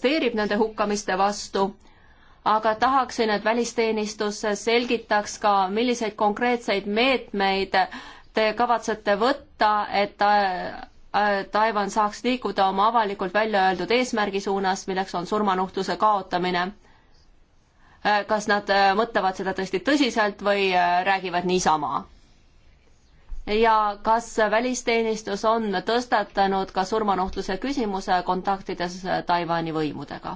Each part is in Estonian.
protesteerib nende hukkamiste vastu, aga tahaksin, et välisteenistus selgitaks ka, milliseid konkreetseid meetmeid te kavatsete võtta, et ta, äh, Taiwan saaks liikuda oma avalikult välja öeldud eesmärgi suunas, milleks on surmanuhtluse kaotamine. Äh, kas nad äh, mõtlevad seda tõesti tõsiselt või räägivad niisama? ja kas välisteenistus on tõstatanud ka surmanuhtluse küsimuse kontaktides Taiwan'i võimudega?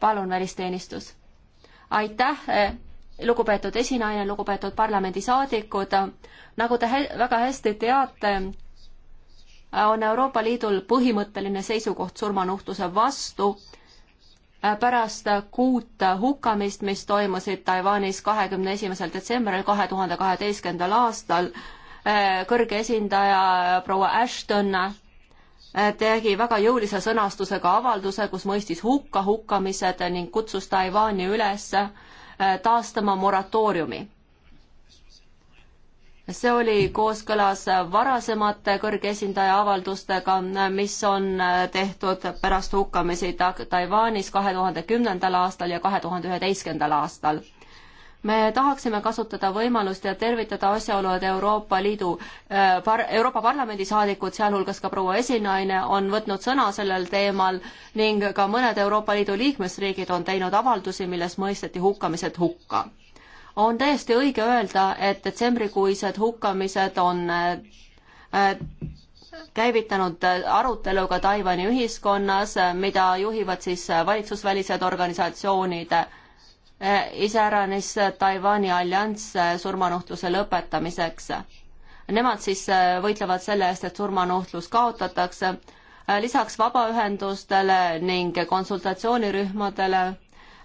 palun, välisteenistus. aitäh, lugupeetud esinaine, lugupeetud parlamendisaadikud. nagu te he väga hästi teate, on Euroopa Liidul põhimõtteline seisukoht surmanuhtluse vastu pärast kuut hukkamist, mis toimusid Taiwanis kahekümne esimesel detsembril kahe tuhande kaheteistkümnendal aastal, äh, kõrge esindaja proua Ashton äh, tegi väga jõulise sõnastusega avalduse, kus mõistis hukka hukkamised ning kutsus Taiwani üles äh, taastama moratooriumi see oli kooskõlas varasemate kõrge esindaja avaldustega, mis on tehtud pärast hukkamisi Taiwanis kahe tuhande kümnendal aastal ja kahe tuhande üheteistkümnendal aastal me tahaksime kasutada võimalust ja tervitada asjaolu, et Euroopa Liidu par-, Euroopa Parlamendi saadikud, sealhulgas ka proua esinaine, on võtnud sõna sellel teemal ning ka mõned Euroopa Liidu liikmesriigid on teinud avaldusi, milles mõisteti hukkamised hukka on täiesti õige öelda, et detsembrikuised hukkamised on äh, äh, käivitanud arutelu ka Taiwan'i ühiskonnas, mida juhivad siis valitsusvälised organisatsioonid, äh, iseäranis Taiwan'i allianss surmanuhtluse lõpetamiseks. Nemad siis võitlevad selle eest, et surmanuhtlus kaotatakse lisaks vabaühendustele ning konsultatsioonirühmadele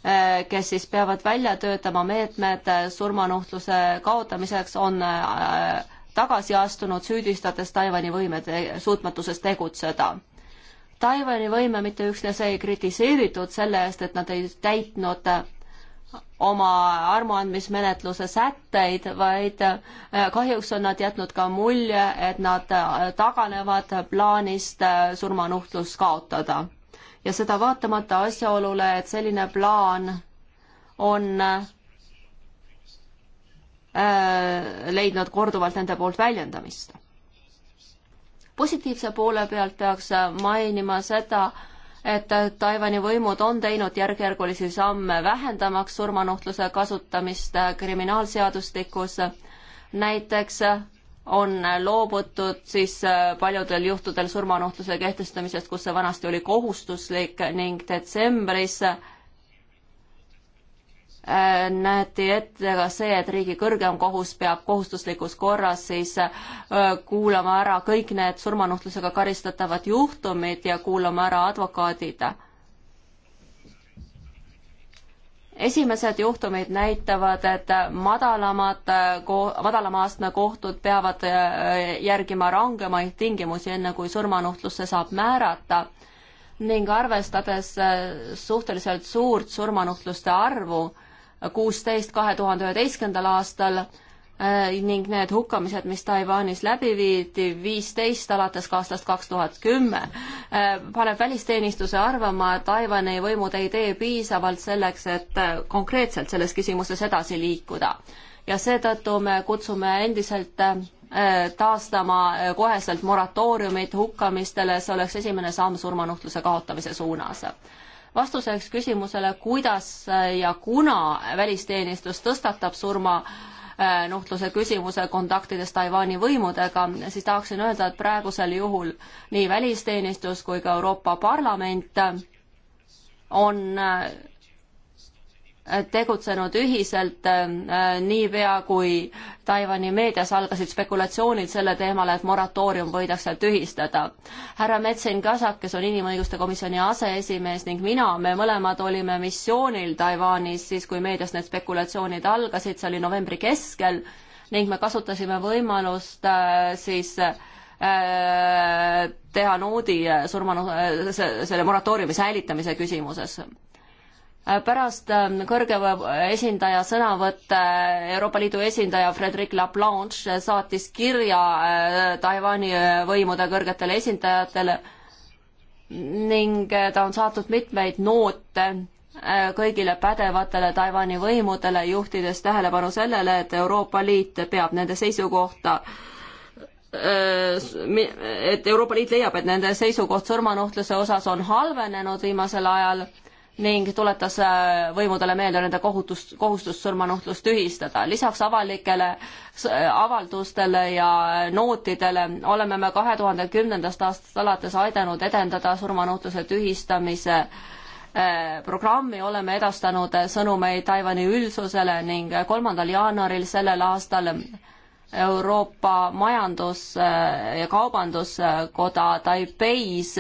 Äh, kes siis peavad välja töötama meetmed äh, surmanuhtluse kaotamiseks, on äh, tagasi astunud, süüdistades Taiwan'i võimed eh, suutmatuses tegutseda. Taiwan'i võime mitte üksnes ei kritiseeritud selle eest, et nad ei täitnud oma armuandmismenetluse sätteid, vaid kahjuks on nad jätnud ka mulje, et nad taganevad plaanist surmanuhtlus kaotada ja seda vaatamata asjaolule, et selline plaan on äh, leidnud korduvalt nende poolt väljendamist. positiivse poole pealt peaks mainima seda, et Taiwan'i võimud on teinud järk-järgulisi samme vähendamaks surmanuhtluse kasutamist kriminaalseadustikus. näiteks on loobutud siis äh, paljudel juhtudel surmanuhtluse kehtestamisest, kus see vanasti oli kohustuslik ning detsembris äh, näeti ette ka see, et riigi kõrgem kohus peab kohustuslikus korras siis äh, kuulama ära kõik need surmanuhtlusega karistatavad juhtumid ja kuulama ära advokaadid esimesed juhtumid näitavad, et madalamad, madalama astme kohtud peavad äh, järgima rangemaid tingimusi, enne kui surmanuhtlusse saab määrata ning arvestades äh, suhteliselt suurt surmanuhtluste arvu, kuusteist kahe tuhande üheteistkümnendal aastal, Äh, ning need hukkamised, mis Taiwanis läbi viidi, viisteist alates ka aastast kaks tuhat kümme, äh, paneb välisteenistuse arvama, et Taiwan'i võimud ei tee piisavalt selleks, et äh, konkreetselt selles küsimuses edasi liikuda. ja seetõttu me kutsume endiselt taastama koheselt moratooriumit hukkamistele, see oleks esimene samm surmanuhtluse kaotamise suunas vastuseks küsimusele, kuidas ja kuna välisteenistus tõstatab surma äh, Äh, nuhtluse küsimuse kontaktides Taiwan'i võimudega, siis tahaksin öelda, et praegusel juhul nii välisteenistus kui ka Euroopa Parlament on äh, tegutsenud ühiselt äh, niipea, kui Taiwan'i meedias algasid spekulatsioonid selle teemal, et moratoorium võidakse tühistada. härra Metsin Kasak, kes on Inimõiguste Komisjoni aseesimees ning mina, me mõlemad olime missioonil Taiwan'is siis, kui meedias need spekulatsioonid algasid, see oli novembri keskel, ning me kasutasime võimalust äh, siis äh, teha noodi surmanu-, selle moratooriumi säilitamise küsimuses Äh, pärast ähm, kõrgema esindaja sõnavõtte äh, Euroopa Liidu esindaja Frederic Laplanche saatis kirja äh, Taiwan'i võimude kõrgetele esindajatele ning ta on saatnud mitmeid noote kõigile pädevatele Taiwan'i võimudele, juhtides tähelepanu sellele, et Euroopa Liit peab nende seisukohta et Euroopa Liit leiab, et nende seisukoht surmanuhtluse osas on halvenenud viimasel ajal ning tuletas äh, võimudele meelde nende kohutust, kohustust surmanuhtlus tühistada. lisaks avalikele äh, avaldustele ja nootidele oleme me kahe tuhande kümnendast aastast alates aidanud edendada surmanuhtluse tühistamise äh, programmi oleme edastanud sõnumeid Taiwan'i üldsusele ning kolmandal jaanuaril sellel aastal Euroopa Majandus- ja Kaubanduskoda Taipeis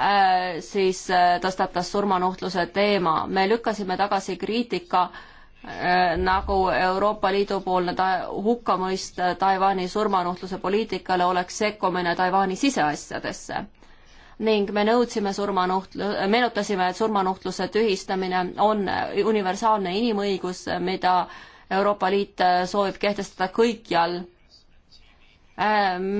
Äh, siis äh, tõstatas surmanuhtluse teema. me lükkasime tagasi kriitika äh, nagu Euroopa Liidu poolne ta-, hukkamõist Taiwan'i surmanuhtluse poliitikale oleks sekkumine Taiwan'i siseasjadesse. ning me nõudsime surmanuhtlu-, meenutasime, et surmanuhtluse tühistamine on universaalne inimõigus, mida Euroopa Liit soovib kehtestada kõikjal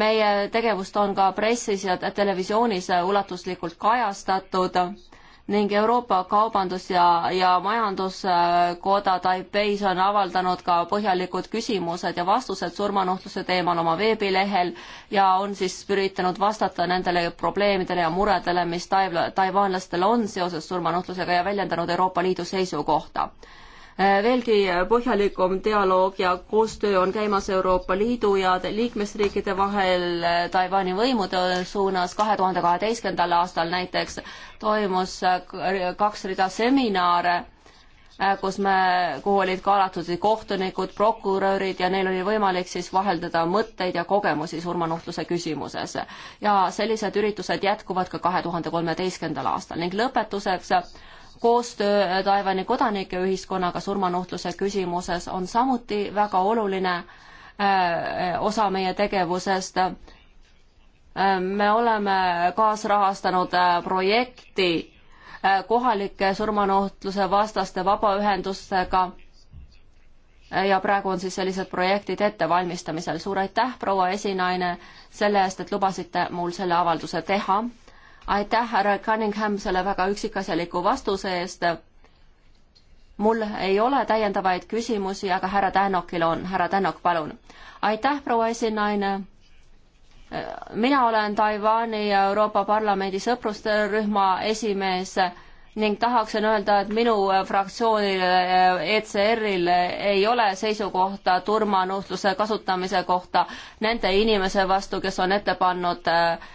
meie tegevust on ka pressis ja televisioonis ulatuslikult kajastatud ning Euroopa Kaubandus- ja, ja Majanduskoda Taipeis on avaldanud ka põhjalikud küsimused ja vastused surmanuhtluse teemal oma veebilehel ja on siis üritanud vastata nendele probleemidele ja muredele, mis taiv-, taivaanlastel on seoses surmanuhtlusega ja väljendanud Euroopa Liidu seisukohta Äh, veelgi põhjalikum dialoog ja koostöö on käimas Euroopa Liidu ja liikmesriikide vahel äh, Taiwan'i võimude suunas. kahe tuhande kaheteistkümnendal aastal näiteks toimus äh, kaks rida seminare, kus me, kuhu olid kaalatud kohtunikud, prokurörid ja neil oli võimalik siis vaheldada mõtteid ja kogemusi surmanuhtluse küsimuses. ja sellised üritused jätkuvad ka kahe tuhande kolmeteistkümnendal aastal ning lõpetuseks koostöö Taiwan'i kodanike ühiskonnaga surmanuhtluse küsimuses on samuti väga oluline äh, osa meie tegevusest. Äh, me oleme kaasrahastanud äh, projekti kohalike surmanuhtluse vastaste vabaühendustega ja praegu on siis sellised projektid ettevalmistamisel. suur aitäh, proua esinaine, selle eest, et lubasite mul selle avalduse teha aitäh, härra Cunningham, selle väga üksikasjaliku vastuse eest. mul ei ole täiendavaid küsimusi, aga härra Tänokil on. härra Tänok, palun. aitäh, proua esinaine. mina olen Taiwan'i ja Euroopa Parlamendi sõprusterühma esimees ning tahaksin öelda, et minu äh, fraktsioonil, äh, ECR-il äh, ei ole seisukohta turmanuhtluse kasutamise kohta nende inimese vastu, kes on ette pannud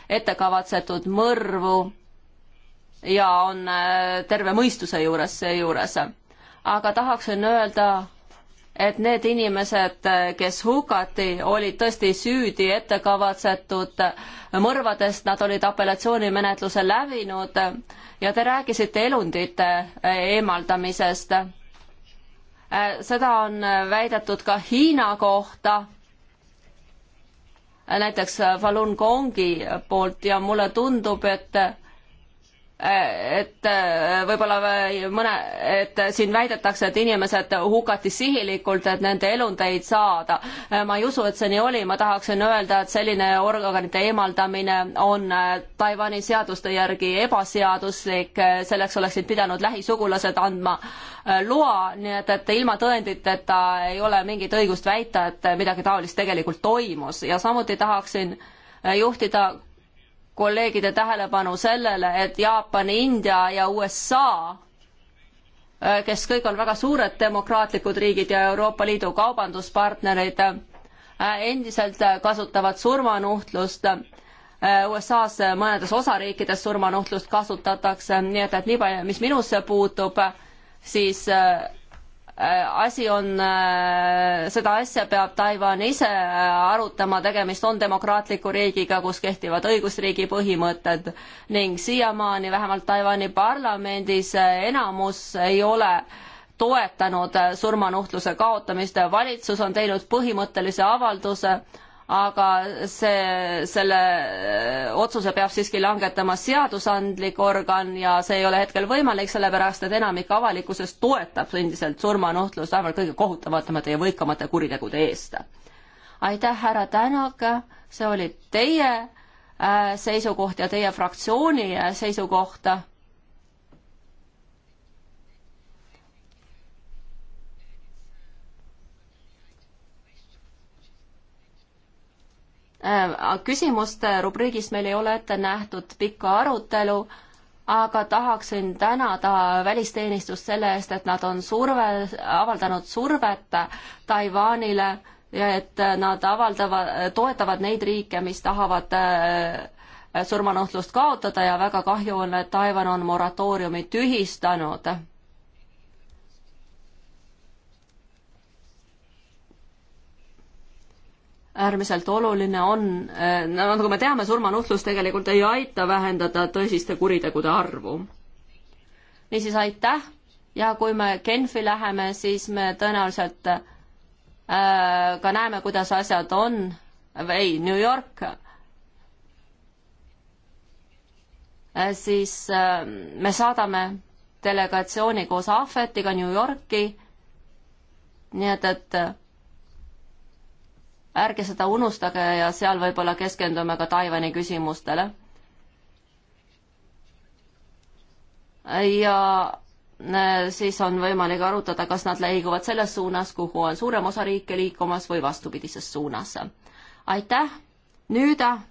ettekavatsetud mõrvu ja on terve mõistuse juures seejuures. aga tahaksin öelda, et need inimesed, kes hukati, olid tõesti süüdi ettekavatsetud mõrvadest, nad olid apellatsioonimenetluse läbinud ja te rääkisite elundite eemaldamisest. seda on väidetud ka Hiina kohta, näiteks Falun Gongi poolt ja mulle tundub, et et äh, võib-olla mõne, et siin väidetakse, et inimesed hukati sihilikult, et nende elundeid saada. Äh, ma ei usu, et see nii oli, ma tahaksin öelda, et selline organite eemaldamine on äh, Taiwan'i seaduste järgi ebaseaduslik, selleks oleksid pidanud lähisugulased andma loa, nii et, et ilma tõenditeta ei ole mingit õigust väita, et midagi taolist tegelikult toimus ja samuti tahaksin juhtida kolleegide tähelepanu sellele, et Jaapan, India ja USA äh, kes kõik on väga suured demokraatlikud riigid ja Euroopa Liidu kaubanduspartnerid, äh, endiselt kasutavad surmanuhtlust. Äh, USA-s mõnedes osariikides surmanuhtlust kasutatakse, nii et, et nii palju, mis minusse puutub, siis Äh, asi on, äh, seda asja peab Taiwan ise äh, arutama, tegemist on demokraatliku riigiga, kus kehtivad õigusriigi põhimõtted ning siiamaani vähemalt Taiwan'i parlamendis enamus ei ole toetanud surmanuhtluse kaotamist, valitsus on teinud põhimõttelise avalduse aga see, selle äh, otsuse peab siiski langetama seadusandlik organ ja see ei ole hetkel võimalik, sellepärast et enamik avalikkusest toetab endiselt surmanuhtlust, vähemalt kõige kohutavamate ja võikamate kuritegude eest. aitäh, härra Tänak, see oli teie äh, seisukoht ja teie fraktsiooni äh, seisukoht Äh, küsimuste rubriigis meil ei ole ette nähtud pikka arutelu, aga tahaksin tänada välisteenistust selle eest, et nad on surve, avaldanud survet Taiwanile ja et nad avaldavad, toetavad neid riike, mis tahavad äh, surmanuhtlust kaotada ja väga kahju on, et Taiwan on moratooriumi tühistanud äärmiselt oluline on, eh, no nagu me teame, surmanuhtlus tegelikult ei aita vähendada tõsiste kuritegude arvu. niisiis aitäh ja kui me Genfi läheme, siis me tõenäoliselt äh, ka näeme, kuidas asjad on, ei, New York äh,, siis äh, me saadame delegatsiooni koos Ahvetiga New Yorki, nii et, et ärge seda unustage ja seal võib-olla keskendume ka Taiwan'i küsimustele. ja siis on võimalik arutada, kas nad liiguvad selles suunas, kuhu on suurem osa riike liikumas või vastupidises suunas. aitäh, nüüd äh,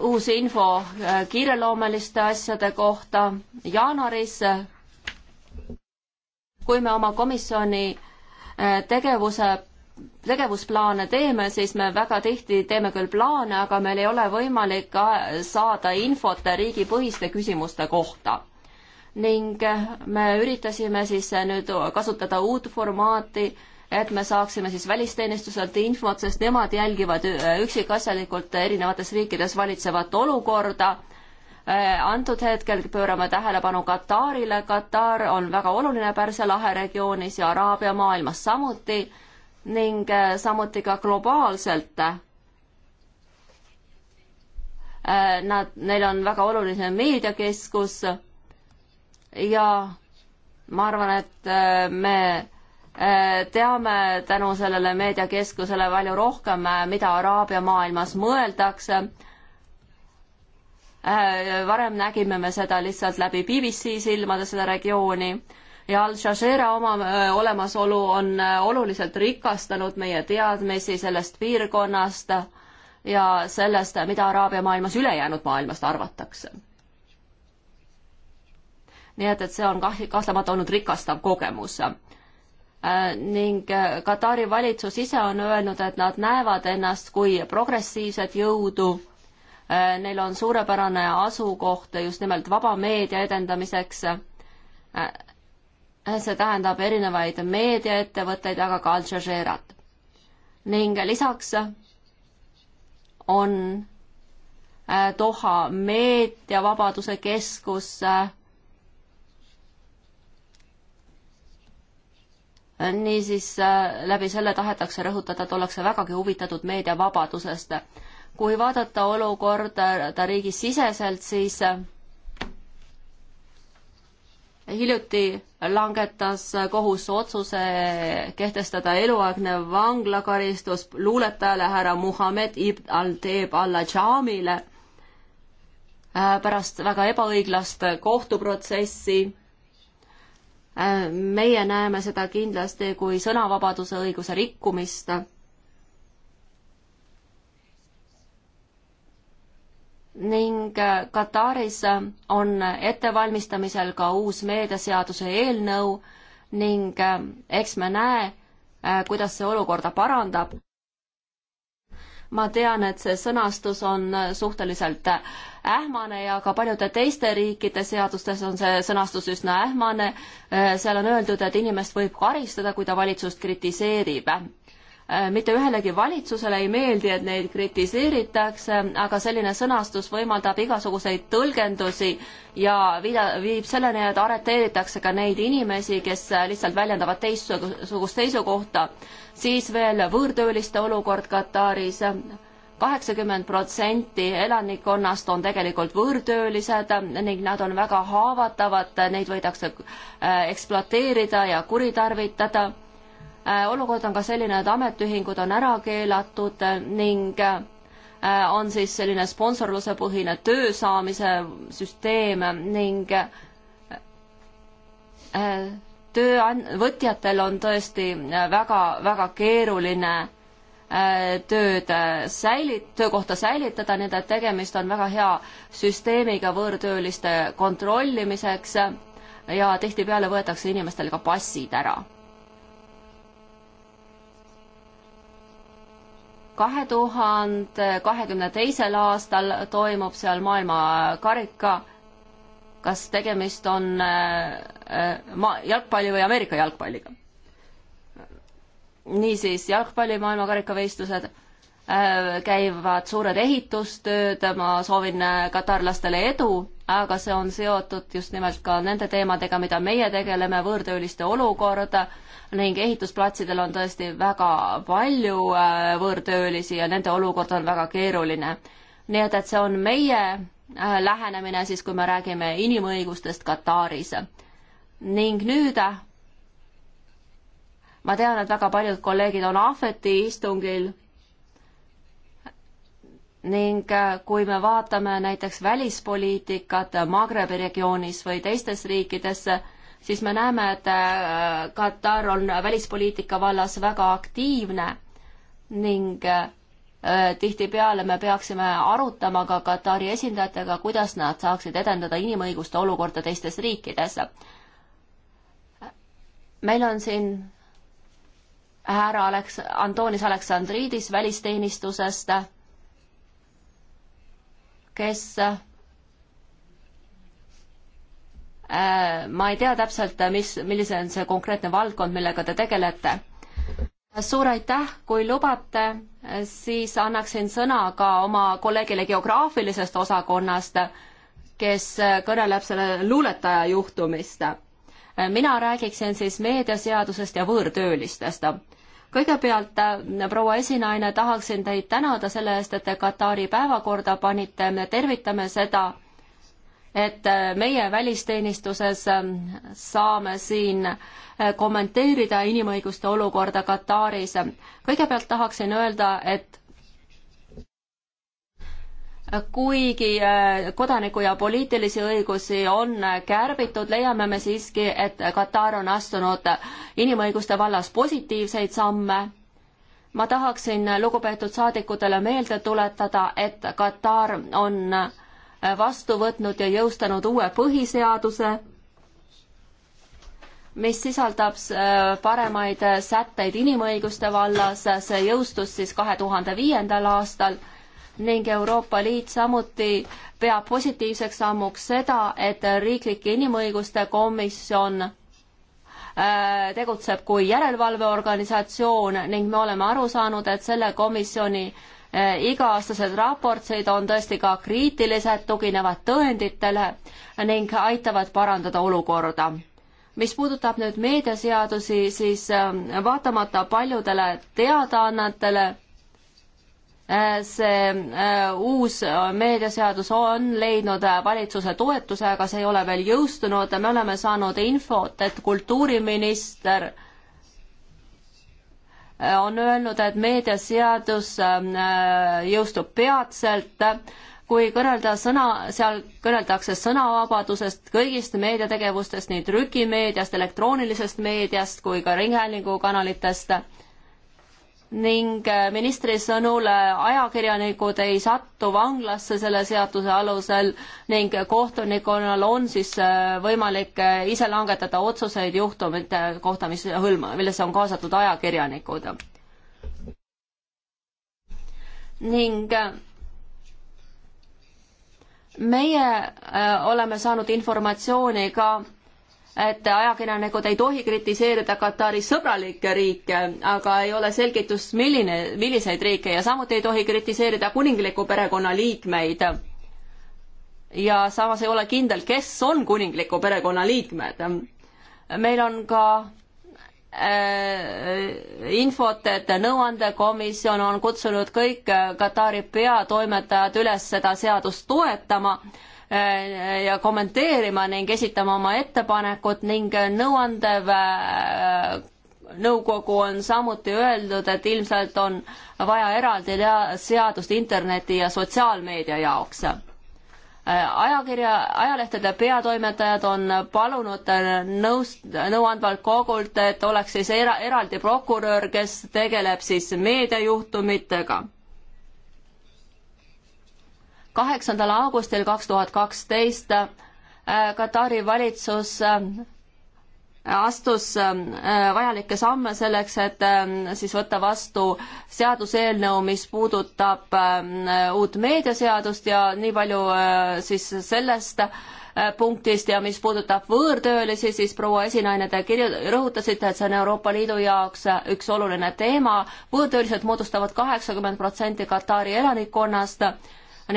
uus info äh, kiireloomuliste asjade kohta jaanuaris, äh, kui me oma komisjoni tegevuse tegevusplaane teeme, siis me väga tihti teeme küll plaane, aga meil ei ole võimalik äh, saada infot riigipõhiste küsimuste kohta. ning äh, me üritasime siis äh, nüüd kasutada uut formaati, et me saaksime siis välisteenistuselt infot, sest nemad jälgivad üksikasjalikult erinevates riikides valitsevat olukorda Äh, antud hetkel pöörame tähelepanu Katarile, Katar on väga oluline Pärsia lahe regioonis ja Araabia maailmas samuti ning äh, samuti ka globaalselt. Äh, nad, neil on väga oluline meediakeskus ja ma arvan, et me teame tänu sellele meediakeskusele palju rohkem, mida Araabia maailmas mõeldakse. Äh, varem nägime me seda lihtsalt läbi BBC silmade, seda regiooni ja Al Jazeera oma äh, olemasolu on äh, oluliselt rikastanud meie teadmisi sellest piirkonnast ja sellest, mida Araabia maailmas ülejäänud maailmast arvatakse. nii et, et see on kah-, kahtlemata olnud rikastav kogemus ning Katari valitsus ise on öelnud, et nad näevad ennast kui progressiivset jõudu Äh, neil on suurepärane asukoht just nimelt vaba meedia edendamiseks. Äh, see tähendab erinevaid meediaettevõtteid, aga ka Al Jazeerat. ning lisaks on äh, Doha meediavabaduse keskus niisiis läbi selle tahetakse rõhutada, et ollakse vägagi huvitatud meediavabadusest kui vaadata olukorda riigisiseselt, siis eh, hiljuti langetas kohus otsuse kehtestada eluaegne vanglakaristus luuletajale härra Muhamed Ibn al-Teeb al-Jamile eh, pärast väga ebaõiglast kohtuprotsessi. Eh, meie näeme seda kindlasti kui sõnavabaduse õiguse rikkumist ning äh, Kataris äh, on ettevalmistamisel ka uus meediaseaduse eelnõu ning äh, eks me näe, kuidas see olukorda parandab. ma tean, et see sõnastus on suhteliselt ähmane ja ka paljude teiste riikide seadustes on see sõnastus üsna ähmane. seal on öeldud, et inimest võib karistada, kui ta valitsust kritiseerib Äh, mitte ühelegi valitsusele ei meeldi, et neid kritiseeritakse, aga selline sõnastus võimaldab igasuguseid tõlgendusi ja viida, viib selleni, et arreteeritakse ka neid inimesi, kes lihtsalt väljendavad teistsugust seisukohta. siis veel võõrtööliste olukord Kataris kaheksakümmend protsenti elanikkonnast on tegelikult võõrtöölised ning nad on väga haavatavad, neid võidakse äh, ekspluateerida ja kuritarvitada Äh, olukord on ka selline, et ametiühingud on ära keelatud ning äh, on siis selline sponsorluse põhine töö saamise süsteem ning äh, töövõtjatel on tõesti väga, väga keeruline tööd säilit-, töökohta säilitada, nii et tegemist on väga hea süsteemiga võõrtööliste kontrollimiseks ja tihtipeale võetakse inimestel ka passid ära kahe tuhande kahekümne teisel aastal toimub seal maailma karika. kas tegemist on äh, äh ma-, jalgpalli või Ameerika jalgpalliga? niisiis, jalgpalli maailmakarikavõistlused äh, käivad suured ehitustööd, ma soovin äh, katarlastele edu, aga see on seotud just nimelt ka nende teemadega, mida meie tegeleme, võõrtööliste olukorda äh,, ning ehitusplatsidel on tõesti väga palju äh, võõrtöölisi ja nende olukord on väga keeruline. nii et, et see on meie äh, lähenemine siis, kui me räägime inimõigustest Kataris. ning nüüd ma tean, et väga paljud kolleegid on ahveti istungil ning äh, kui me vaatame näiteks välispoliitikat Magrebi regioonis või teistes riikides, siis me näeme, et äh, Katar on välispoliitika vallas väga aktiivne ning äh, tihtipeale me peaksime arutama ka Katari esindajatega, kuidas nad saaksid edendada inimõiguste olukorda teistes riikides. meil on siin härra Aleks-, Antonis Aleksandridis välisteenistusest, kes Äh, ma ei tea täpselt, äh, mis, millise on see konkreetne valdkond, millega te tegelete. suur aitäh, kui lubate, äh, siis annaksin sõna ka oma kolleegile geograafilisest osakonnast, kes kõneleb selle luuletaja juhtumist. mina räägiksin siis meediaseadusest ja võõrtöölistest kõigepealt, proua esinaine, tahaksin teid tänada selle eest, et te Katari päevakorda panite, me tervitame seda et äh, meie välisteenistuses ähm, saame siin äh, kommenteerida inimõiguste olukorda Kataris. kõigepealt tahaksin öelda, et kuigi äh, kodaniku ja poliitilisi õigusi on kärbitud, leiame me siiski, et Katar on astunud inimõiguste vallas positiivseid samme. ma tahaksin lugupeetud saadikutele meelde tuletada, et Katar on vastu võtnud ja jõustanud uue põhiseaduse, mis sisaldab äh, paremaid sätteid inimõiguste vallas, see jõustus siis kahe tuhande viiendal aastal ning Euroopa Liit samuti peab positiivseks sammuks seda, et riiklik inimõiguste komisjon äh, tegutseb kui järelevalveorganisatsioon ning me oleme aru saanud, et selle komisjoni äh, Äh, iga-aastased raportid on tõesti ka kriitilised, tuginevad tõenditele ning aitavad parandada olukorda. mis puudutab nüüd meediaseadusi, siis äh, vaatamata paljudele teadaannetele, äh, see uus meediaseadus on leidnud valitsuse toetuse, aga see ei ole veel jõustunud, me oleme saanud infot, et kultuuriminister on öelnud, et meediaseadus äh, jõustub peatselt, kui kõnelda sõna, seal kõneldakse sõnavabadusest, kõigist meediategevustest, nii trükimeediast, elektroonilisest meediast kui ka ringhäälingukanalitest ning äh, ministri sõnul ajakirjanikud ei sattu vanglasse selle seaduse alusel ning kohtunikul on siis äh, võimalik äh, ise langetada otsuseid juhtumite kohta, mis hõlma, millesse on kaasatud ajakirjanikud. ning meie oleme saanud informatsiooni ka et ajakirjanikud ei tohi kritiseerida Katari sõbralikke riike, aga ei ole selgitust, milline, milliseid riike ja samuti ei tohi kritiseerida kuningliku perekonna liikmeid. ja samas ei ole kindel, kes on kuningliku perekonna liikmed. meil on ka äh, infot, et nõuandekomisjon on kutsunud kõik Katari peatoimetajad üles seda seadust toetama Äh, ja kommenteerima ning esitama oma ettepanekud ning nõuandev äh, nõukogu on samuti öeldud, et ilmselt on vaja eraldi seadust interneti ja sotsiaalmeedia jaoks äh, ajakirja, ajalehtede peatoimetajad on palunud nõust, nõuandvalt kogult, et oleks siis era, eraldi prokurör, kes tegeleb siis meediajuhtumitega kaheksandal augustil kaks tuhat kaksteist äh, Katari valitsus äh, astus äh, vajalikke samme selleks, et siis võtta vastu seaduseelnõu, mis puudutab uut meediaseadust ja nii palju siis sellest punktist ja mis puudutab võõrtöölisi, siis proua esinaine, te kirju-, rõhutasite, et see on Euroopa Liidu jaoks üks oluline teema võõrtöölised. võõrtöölised moodustavad kaheksakümmend protsenti Katari elanikkonnast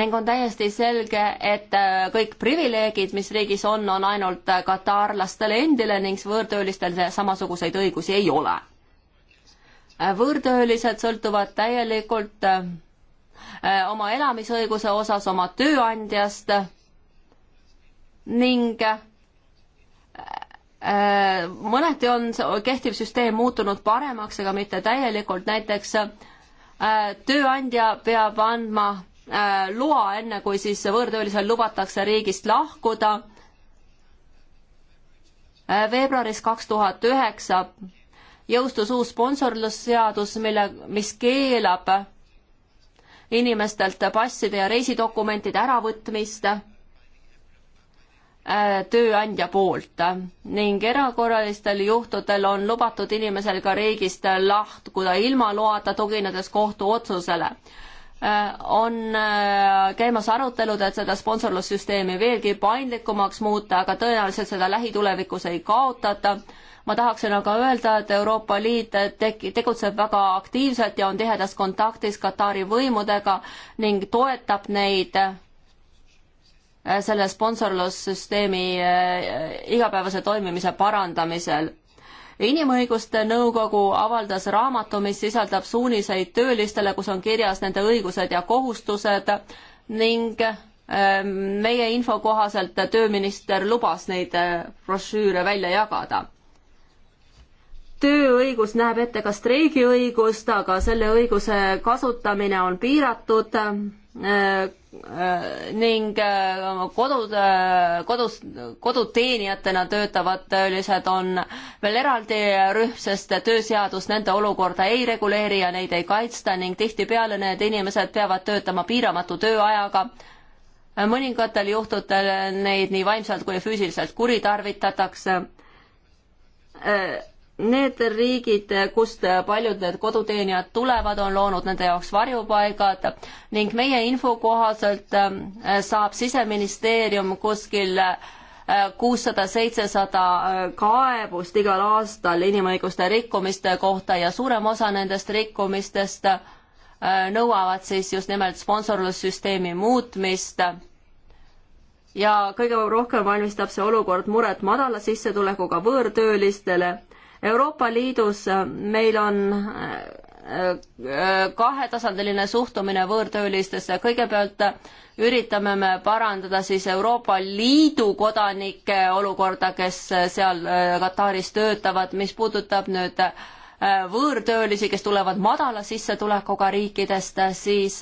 ning on täiesti selge, et äh, kõik privileegid, mis riigis on, on ainult äh, katarlastele endile ning võõrtöölistel samasuguseid õigusi ei ole. Äh, võõrtöölised sõltuvad täielikult oma elamisõiguse osas oma tööandjast ning mõneti on kehtiv süsteem muutunud paremaks, aga mitte täielikult, näiteks tööandja peab andma Äh, loa, enne kui siis võõrtöölisel lubatakse riigist lahkuda. Äh, veebruaris kaks tuhat üheksa jõustus uus sponsorlusseadus, mille, mis keelab inimestelt passide ja reisidokumentide äravõtmist äh, tööandja poolt ning erakorralistel juhtudel on lubatud inimesel ka riigist lahkuda ilma loata, tuginedes kohtuotsusele. Äh, on äh, käimas arutelud, et seda sponsorlussüsteemi veelgi paindlikumaks muuta, aga tõenäoliselt seda lähitulevikus ei kaotata. ma tahaksin aga öelda, et Euroopa Liit tegi, tegutseb väga aktiivselt ja on tihedas kontaktis Katari võimudega ning toetab neid äh, selle sponsorlussüsteemi igapäevase toimimise parandamisel inimõiguste nõukogu avaldas raamatu, mis sisaldab suuniseid töölistele, kus on kirjas nende õigused ja kohustused ning ähm, meie info kohaselt tööminister lubas neid äh, brošüüre välja jagada tööõigus näeb ette ka streigiõigust, aga selle õiguse kasutamine on piiratud. Äh, Äh, ning äh, kodud, äh, kodus, koduteenijatena töötavad töölised on veel eraldi rühm, sest tööseadus nende olukorda ei reguleeri ja neid ei kaitsta ning tihtipeale need inimesed peavad töötama piiramatu tööajaga. mõningatel juhtudel neid nii vaimselt kui füüsiliselt kuritarvitatakse Need riigid, kust paljud need koduteenijad tulevad, on loonud nende jaoks varjupaigad ning meie info kohaselt ähm, saab siseministeerium kuskil äh, kuussada, seitsesada äh, kaebust igal aastal inimõiguste rikkumiste kohta ja suurem osa nendest rikkumistest äh, nõuavad siis just nimelt sponsorlussüsteemi muutmist. ja kõige rohkem valmistab see olukord muret madala sissetulekuga võõrtöölistele Euroopa Liidus äh, meil on äh, äh, kahetasandiline suhtumine võõrtöölistesse, kõigepealt üritame me parandada siis Euroopa Liidu kodanike olukorda, kes seal Kataris töötavad, mis puudutab nüüd võõrtöölisi, kes tulevad madala sissetulekuga riikidest, siis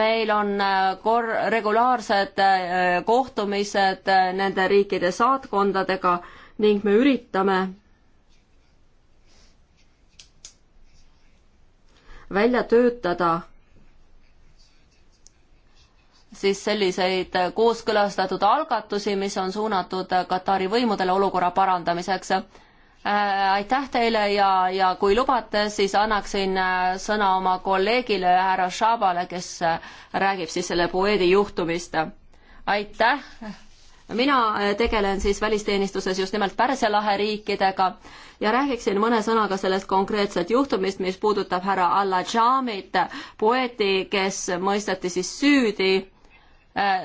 meil on kor-, regulaarsed kohtumised nende riikide saatkondadega ning me üritame välja töötada siis selliseid kooskõlastatud algatusi, mis on suunatud Katari võimudele olukorra parandamiseks. Äh, aitäh teile ja, ja kui lubate, siis annaksin äh, sõna oma kolleegile härra Šabale, kes äh, räägib siis selle poeedi juhtumist. aitäh mina äh, tegelen siis välisteenistuses just nimelt Pärsia lahe riikidega ja räägiksin mõne sõnaga sellest konkreetset juhtumist, mis puudutab härra Al-Ajamit, poeti, kes mõisteti siis süüdi. Äh,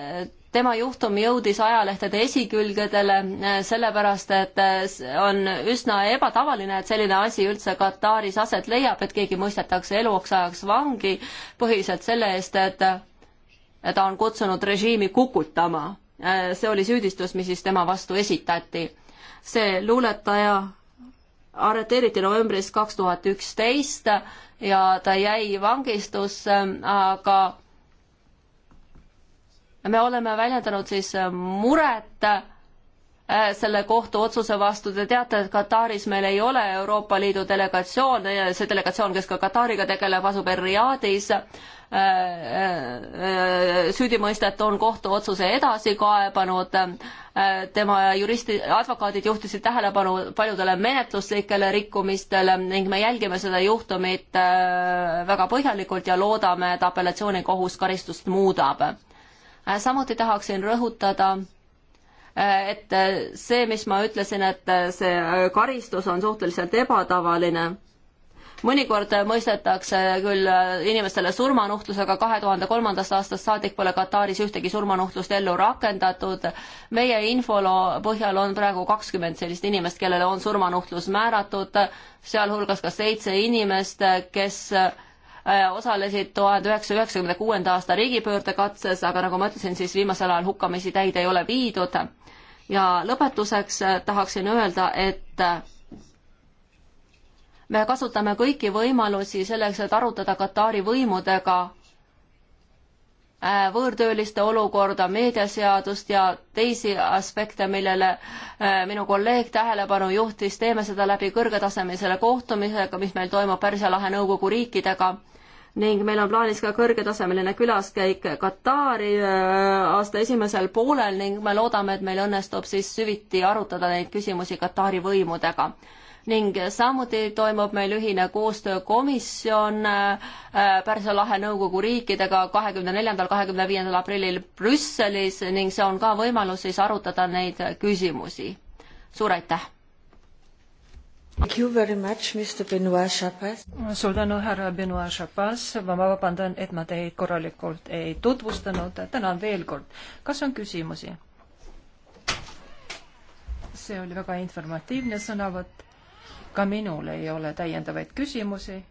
tema juhtum jõudis ajalehtede esikülgedele, äh, sellepärast et on üsna ebatavaline, et selline asi üldse Kataris aset leiab, et keegi mõistetakse eluks ajaks vangi põhiliselt selle eest, et ta on kutsunud režiimi kukutama Äh, see oli süüdistus, mis siis tema vastu esitati. see luuletaja arreteeriti novembris kaks tuhat üksteist ja ta jäi vangistusse, aga me oleme väljendanud siis muret äh, selle kohtuotsuse vastu. Te teate, et Kataris meil ei ole Euroopa Liidu delegatsioon, äh, see delegatsioon, kes ka Katariga tegeleb, asub Riadis Äh, äh, süüdimõistet on kohtuotsuse edasi kaebanud. Äh, tema juristi, advokaadid juhtisid tähelepanu paljudele menetluslikele rikkumistele ning me jälgime seda juhtumit väga põhjalikult ja loodame, et apellatsioonikohus karistust muudab. samuti tahaksin rõhutada, et see, mis ma ütlesin, et see karistus on suhteliselt ebatavaline mõnikord mõistetakse küll äh, inimestele surmanuhtlus, aga kahe tuhande kolmandast aastast saadik pole Kataris ühtegi surmanuhtlust ellu rakendatud. meie infolo põhjal on praegu kakskümmend sellist inimest, kellele on surmanuhtlus määratud, sealhulgas ka seitse inimest, kes äh, osalesid tuhande üheksasaja üheksakümne kuuenda aasta riigipöördekatses, aga nagu ma ütlesin, siis viimasel ajal hukkamisi täide ei ole viidud. ja lõpetuseks äh, tahaksin öelda, et me kasutame kõiki võimalusi selleks, et arutada Katari võimudega äh, võõrtööliste olukorda, meediaseadust ja teisi aspekte, millele äh, minu kolleeg tähelepanu juhtis, teeme seda läbi kõrgetasemelisele kohtumisega, mis meil toimub Pärsia lahe nõukogu riikidega ning meil on plaanis ka kõrgetasemeline külaskäik Katari äh, aasta esimesel poolel ning me loodame, et meil õnnestub siis süviti arutada neid küsimusi Katari võimudega ning samuti toimub meil ühine koostöökomisjon äh, Pärsia lahe nõukogu riikidega kahekümne neljandal, kahekümne viiendal aprillil Brüsselis ning see on ka võimalus siis arutada neid küsimusi. suur aitäh! Thank you very much, Mr Benoit Chapas. suur tänu, härra Benoit Chapas, ma vabandan, et ma teid korralikult ei tutvustanud, tänan veel kord. kas on küsimusi? see oli väga informatiivne sõnavõtt ka minul ei ole täiendavaid küsimusi.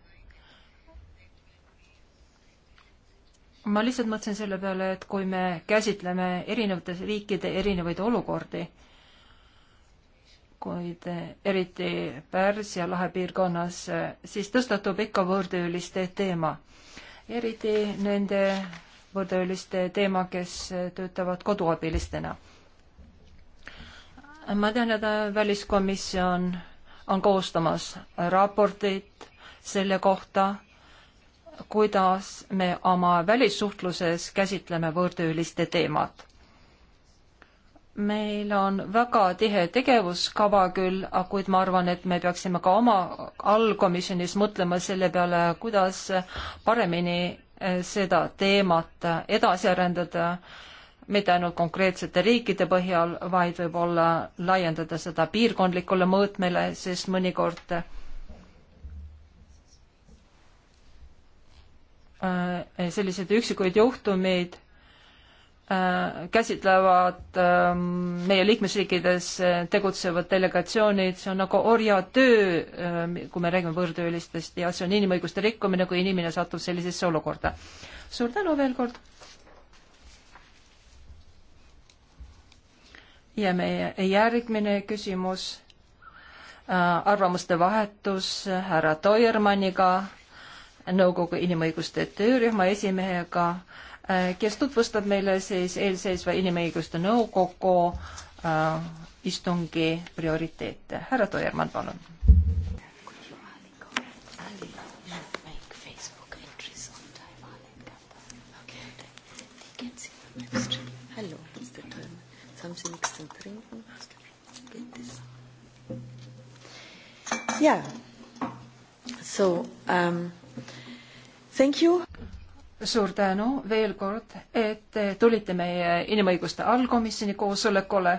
ma lihtsalt mõtlesin selle peale, et kui me käsitleme erinevates riikide erinevaid olukordi, kuid eriti Pärsia lahe piirkonnas, siis tõstatub ikka võõrtööliste teema. eriti nende võõrtööliste teema, kes töötavad koduabilistena. ma tean, et väliskomisjon on koostamas raportit selle kohta, kuidas me oma välissuhtluses käsitleme võõrtööliste teemat. meil on väga tihe tegevuskava küll, kuid ma arvan, et me peaksime ka oma allkomisjonis mõtlema selle peale, kuidas paremini eh, seda teemat edasi arendada mitte ainult konkreetsete riikide põhjal, vaid võib-olla laiendada seda piirkondlikule mõõtmele, sest mõnikord äh, selliseid üksikuid juhtumeid äh, käsitlevad ähm, meie liikmesriikides äh, tegutsevad delegatsioonid, see on nagu orjatöö, kui me räägime võõrtöölistest ja see on inimõiguste rikkumine, kui inimene satub sellisesse olukorda. suur tänu veel kord ja meie järgmine küsimus, äh, arvamuste vahetus härra Toiermanniga, nõukogu inimõiguste töörühma esimehega, äh, kes tutvustab meile siis eelseisva inimõiguste nõukogu äh, istungi prioriteete. härra Toiermann, palun. Hello, Mr. Toyerman. Something und Trinken. Yeah. So um, thank you. suur tänu veel kord, et te tulite meie inimõiguste allkomisjoni koosolekule.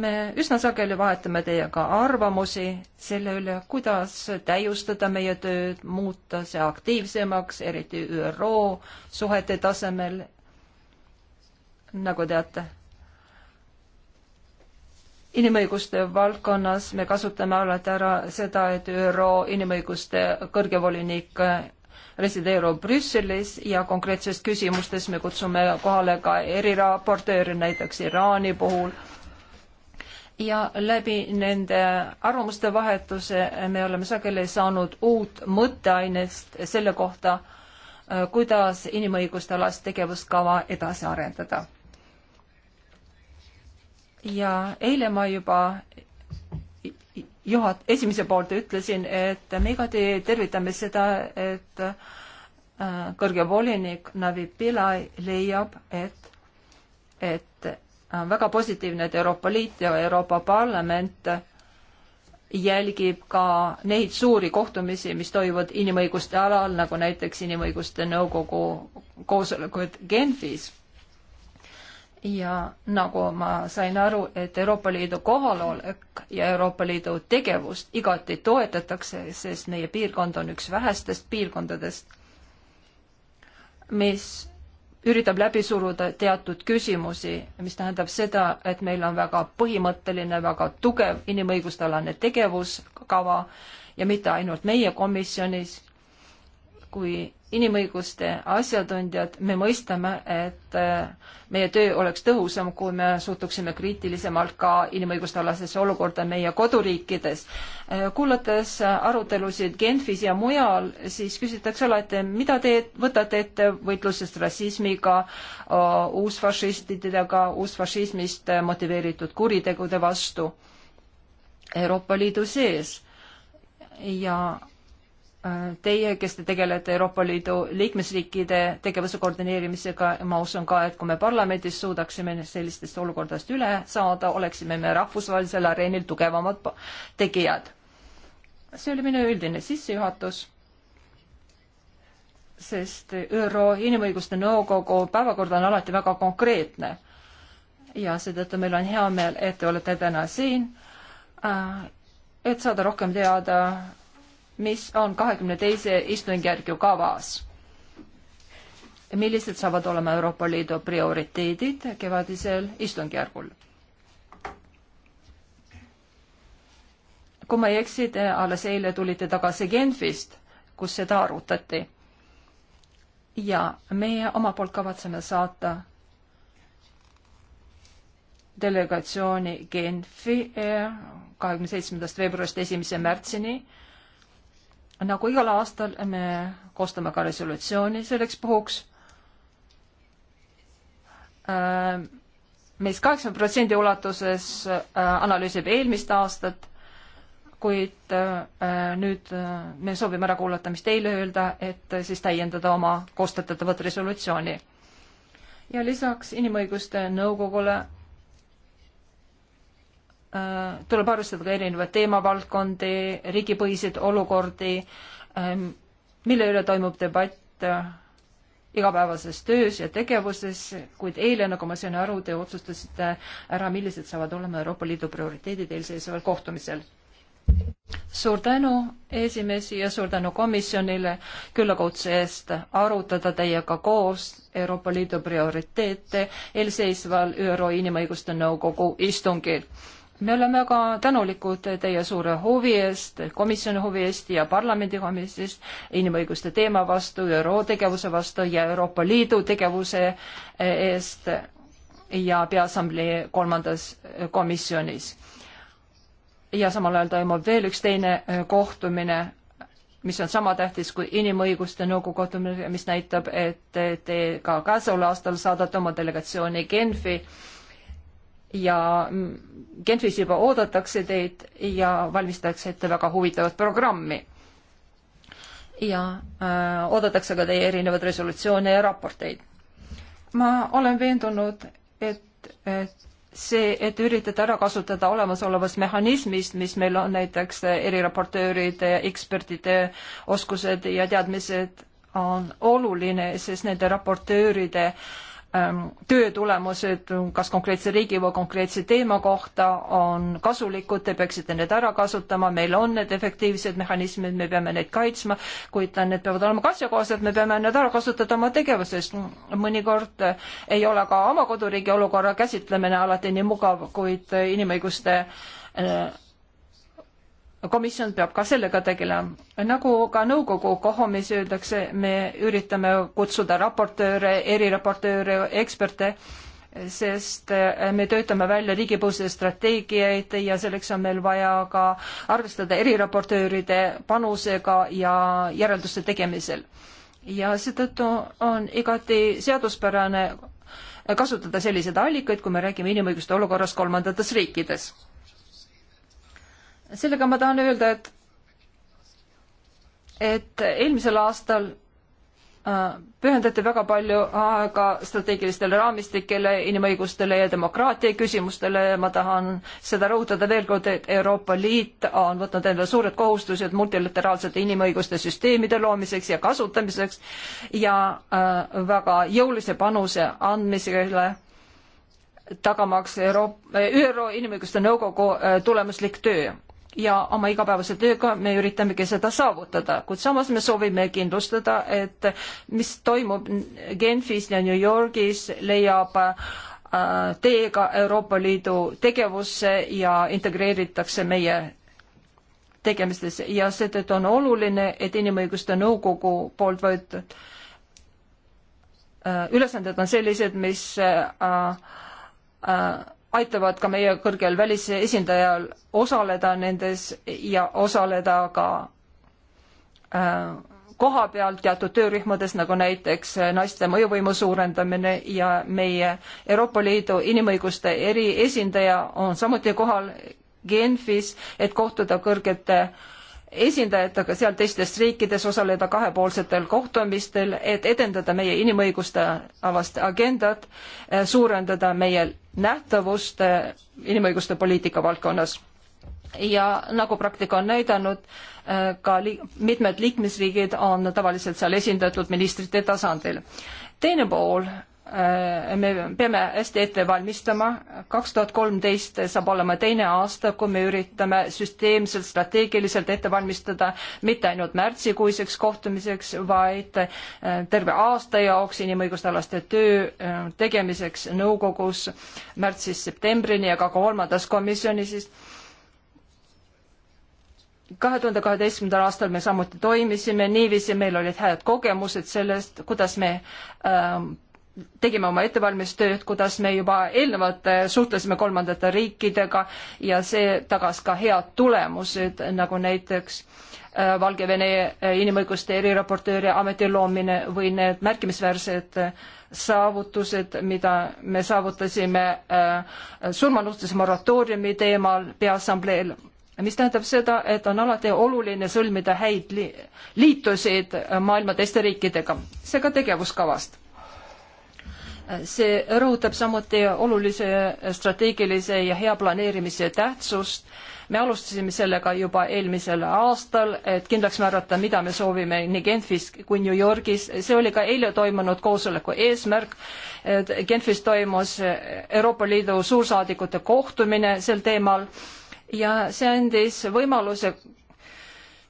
me üsna sageli vahetame teiega arvamusi selle üle, kuidas täiustada meie tööd, muuta see aktiivsemaks, eriti ÜRO suhete tasemel nagu teate. inimõiguste valdkonnas me kasutame alati ära seda, et ÜRO inimõiguste kõrge volinik resideerub Brüsselis ja konkreetses küsimustes me kutsume kohale ka eriraportööri näiteks Iraani puhul ja läbi nende arvamuste vahetuse me oleme sageli saanud uut mõtteainest selle kohta, kuidas inimõiguste alast tegevuskava edasi arendada ja eile ma juba juhat-, esimese poolt ütlesin, et me igati tervitame seda, et äh, kõrge volinik Navi Pillai leiab, et, et on äh, väga positiivne, et Euroopa Liit ja Euroopa Parlament jälgib ka neid suuri kohtumisi, mis toimuvad inimõiguste alal, nagu näiteks Inimõiguste Nõukogu koosolekud Genfis ja nagu ma sain aru, et Euroopa Liidu kohalolek ja Euroopa Liidu tegevust igati toetatakse, sest meie piirkond on üks vähestest piirkondadest, mis üritab läbi suruda teatud küsimusi, mis tähendab seda, et meil on väga põhimõtteline, väga tugev inimõiguste alane tegevuskava ja mitte ainult meie komisjonis, kui inimõiguste asjatundjad, me mõistame, et äh, meie töö oleks tõhusam, kui me suhtuksime kriitilisemalt ka inimõiguste alasesse olukorda meie koduriikides. Äh, kuulates arutelusid Genfis ja mujal, siis küsitakse alati, mida te võtate ette võitlusest rassismiga, äh, uusfašistidega, uusfašismist motiveeritud kuritegude vastu Euroopa Liidu sees ja Teie, kes te tegelete Euroopa Liidu liikmesriikide tegevuse koordineerimisega, ma usun ka, et kui me parlamendis suudaksime sellistest olukordadest üle saada, oleksime me rahvusvahelisel areenil tugevamad tegijad. see oli minu üldine sissejuhatus. sest ÜRO Inimõiguste Nõukogu päevakord on alati väga konkreetne. ja seetõttu meil on hea meel, et te olete täna siin, äh, et saada rohkem teada mis on kahekümne teise istungjärgu kavas. millised saavad olema Euroopa Liidu prioriteedid kevadisel istungjärgul? kui ma ei eksi, te alles eile tulite tagasi Genfist, kus seda arutati. ja meie omalt poolt kavatseme saata delegatsiooni Genfi eh, kahekümne seitsmendast veebruarist esimese märtsini nagu igal aastal me koostame ka resolutsiooni selleks puhuks äh,, mis kaheksakümne protsendi ulatuses äh, analüüsib eelmist aastat, kuid äh, nüüd äh, me soovime ära kuulata, mis teile öelda, et äh, siis täiendada oma koostatavat resolutsiooni. ja lisaks Inimõiguste Nõukogule Äh, tuleb arvestada ka erinevaid teemavaldkondi, riigipõhiseid olukordi, ähm, mille üle toimub debatt äh, igapäevases töös ja tegevuses, kuid eile, nagu ma sain aru, te otsustasite ära, millised saavad olema Euroopa Liidu prioriteedid eelseisval kohtumisel suur tänu, esimees, ja suur tänu komisjonile küllakutse eest arutada teiega koos Euroopa Liidu prioriteete eelseisval ÜRO Inimõiguste Nõukogu istungil me oleme väga tänulikud teie suure huvi eest, komisjoni huvi eest ja parlamendi huvi eest inimõiguste teema vastu, ÜRO tegevuse vastu ja Euroopa Liidu tegevuse eh, eest ja Peaassamblee kolmandas eh, komisjonis. ja samal ajal toimub veel üks teine eh, kohtumine, mis on sama tähtis kui Inimõiguste Nõukogu kohtumine, mis näitab, et te ka käesoleval aastal saadate oma delegatsiooni Genfi ja Genfis juba oodatakse teid ja valmistatakse ette väga huvitavat programmi. ja äh, oodatakse ka teie erinevaid resolutsioone ja raporteid. ma olen veendunud, et, et see, et üritada ära kasutada olemasolevast mehhanismist, mis meil on näiteks eriraportööride, ekspertide oskused ja teadmised, on oluline, sest nende raportööride äh, Ähm, töö tulemused, kas konkreetse riigi või konkreetse teema kohta on kasulikud, te peaksite need ära kasutama, meil on need efektiivsed mehhanismid, me peame neid kaitsma, kuid need peavad olema ka asjakohased, me peame need ära kasutada oma tegevuses. mõnikord ei ole ka oma koduriigi olukorra käsitlemine alati nii mugav, kuid inimõiguste äh, komisjon peab ka sellega tegelema. nagu ka nõukogu kohumis öeldakse, me üritame kutsuda raportööre, eriraportööre, eksperte, sest äh, me töötame välja riigipõhjuseid strateegiaid ja selleks on meil vaja ka arvestada eriraportööride panusega ja järelduste tegemisel. ja seetõttu on igati seaduspärane kasutada selliseid allikaid, kui me räägime inimõiguste olukorrast kolmandates riikides sellega ma tahan öelda, et, et eelmisel aastal äh, pühendati väga palju aega strateegilistele raamistikele, inimõigustele ja demokraatia küsimustele. ma tahan seda rõhutada veel kord, et Euroopa Liit on võtnud endale suured kohustused multilateraalsete inimõiguste süsteemide loomiseks ja kasutamiseks ja äh, väga jõulise panuse andmisele tagamaks Euroopa, ÜRO Inimõiguste Nõukogu äh, tulemuslik töö ja oma igapäevase tööga me üritamegi seda saavutada, kuid samas me soovime kindlustada, et mis toimub Genfis ja New Yorgis, leiab äh, teiega Euroopa Liidu tegevusse ja integreeritakse meie tegemistes ja seetõttu on oluline, et Inimõiguste Nõukogu poolt võetud äh, ülesanded on sellised, mis äh, äh, aitavad ka meie kõrgel välisesindajal osaleda nendes ja osaleda ka äh, koha peal teatud töörühmades, nagu näiteks äh, naiste mõjuvõimu suurendamine ja meie Euroopa Liidu inimõiguste eriesindaja on samuti kohal Genfis, et kohtuda kõrgete esindajatega seal teistes riikides, osaleda kahepoolsetel kohtumistel, et edendada meie inimõiguste alast agendat, äh, suurendada meie nähtavust inimõiguste poliitika valdkonnas. ja nagu praktika on näidanud, äh, ka li mitmed liikmesriigid on tavaliselt seal esindatud ministrite tasandil. teine pool Äh, me peame hästi ette valmistama, kaks tuhat kolmteist saab olema teine aasta, kui me üritame süsteemselt, strateegiliselt ette valmistada mitte ainult märtsikuiseks kohtumiseks, vaid äh, terve aasta jaoks inimõigustalaste töö äh, tegemiseks nõukogus märtsist septembrini ja ka kolmandas komisjonis siis kahe tuhande kaheteistkümnendal aastal me samuti toimisime niiviisi, meil olid head kogemused sellest, kuidas me ähm, tegime oma ettevalmistööd, kuidas me juba eelnevalt äh, suhtlesime kolmandate riikidega ja see tagas ka head tulemused, nagu näiteks äh, Valgevene äh, inimõiguste eriraportööri ameti loomine või need märkimisväärsed saavutused, mida me saavutasime surmanuhtluse moratooriumi teemal Peaassambleel mis tähendab seda, et on alati oluline sõlmida häid li liitusid maailma teiste riikidega, seega tegevuskavast see rõhutab samuti olulise strateegilise ja hea planeerimise tähtsust. me alustasime sellega juba eelmisel aastal, et kindlaks määrata, mida me soovime nii Genfis kui New Yorgis. see oli ka eile toimunud koosoleku eesmärk. Genfis toimus Euroopa Liidu suursaadikute kohtumine sel teemal ja see andis võimaluse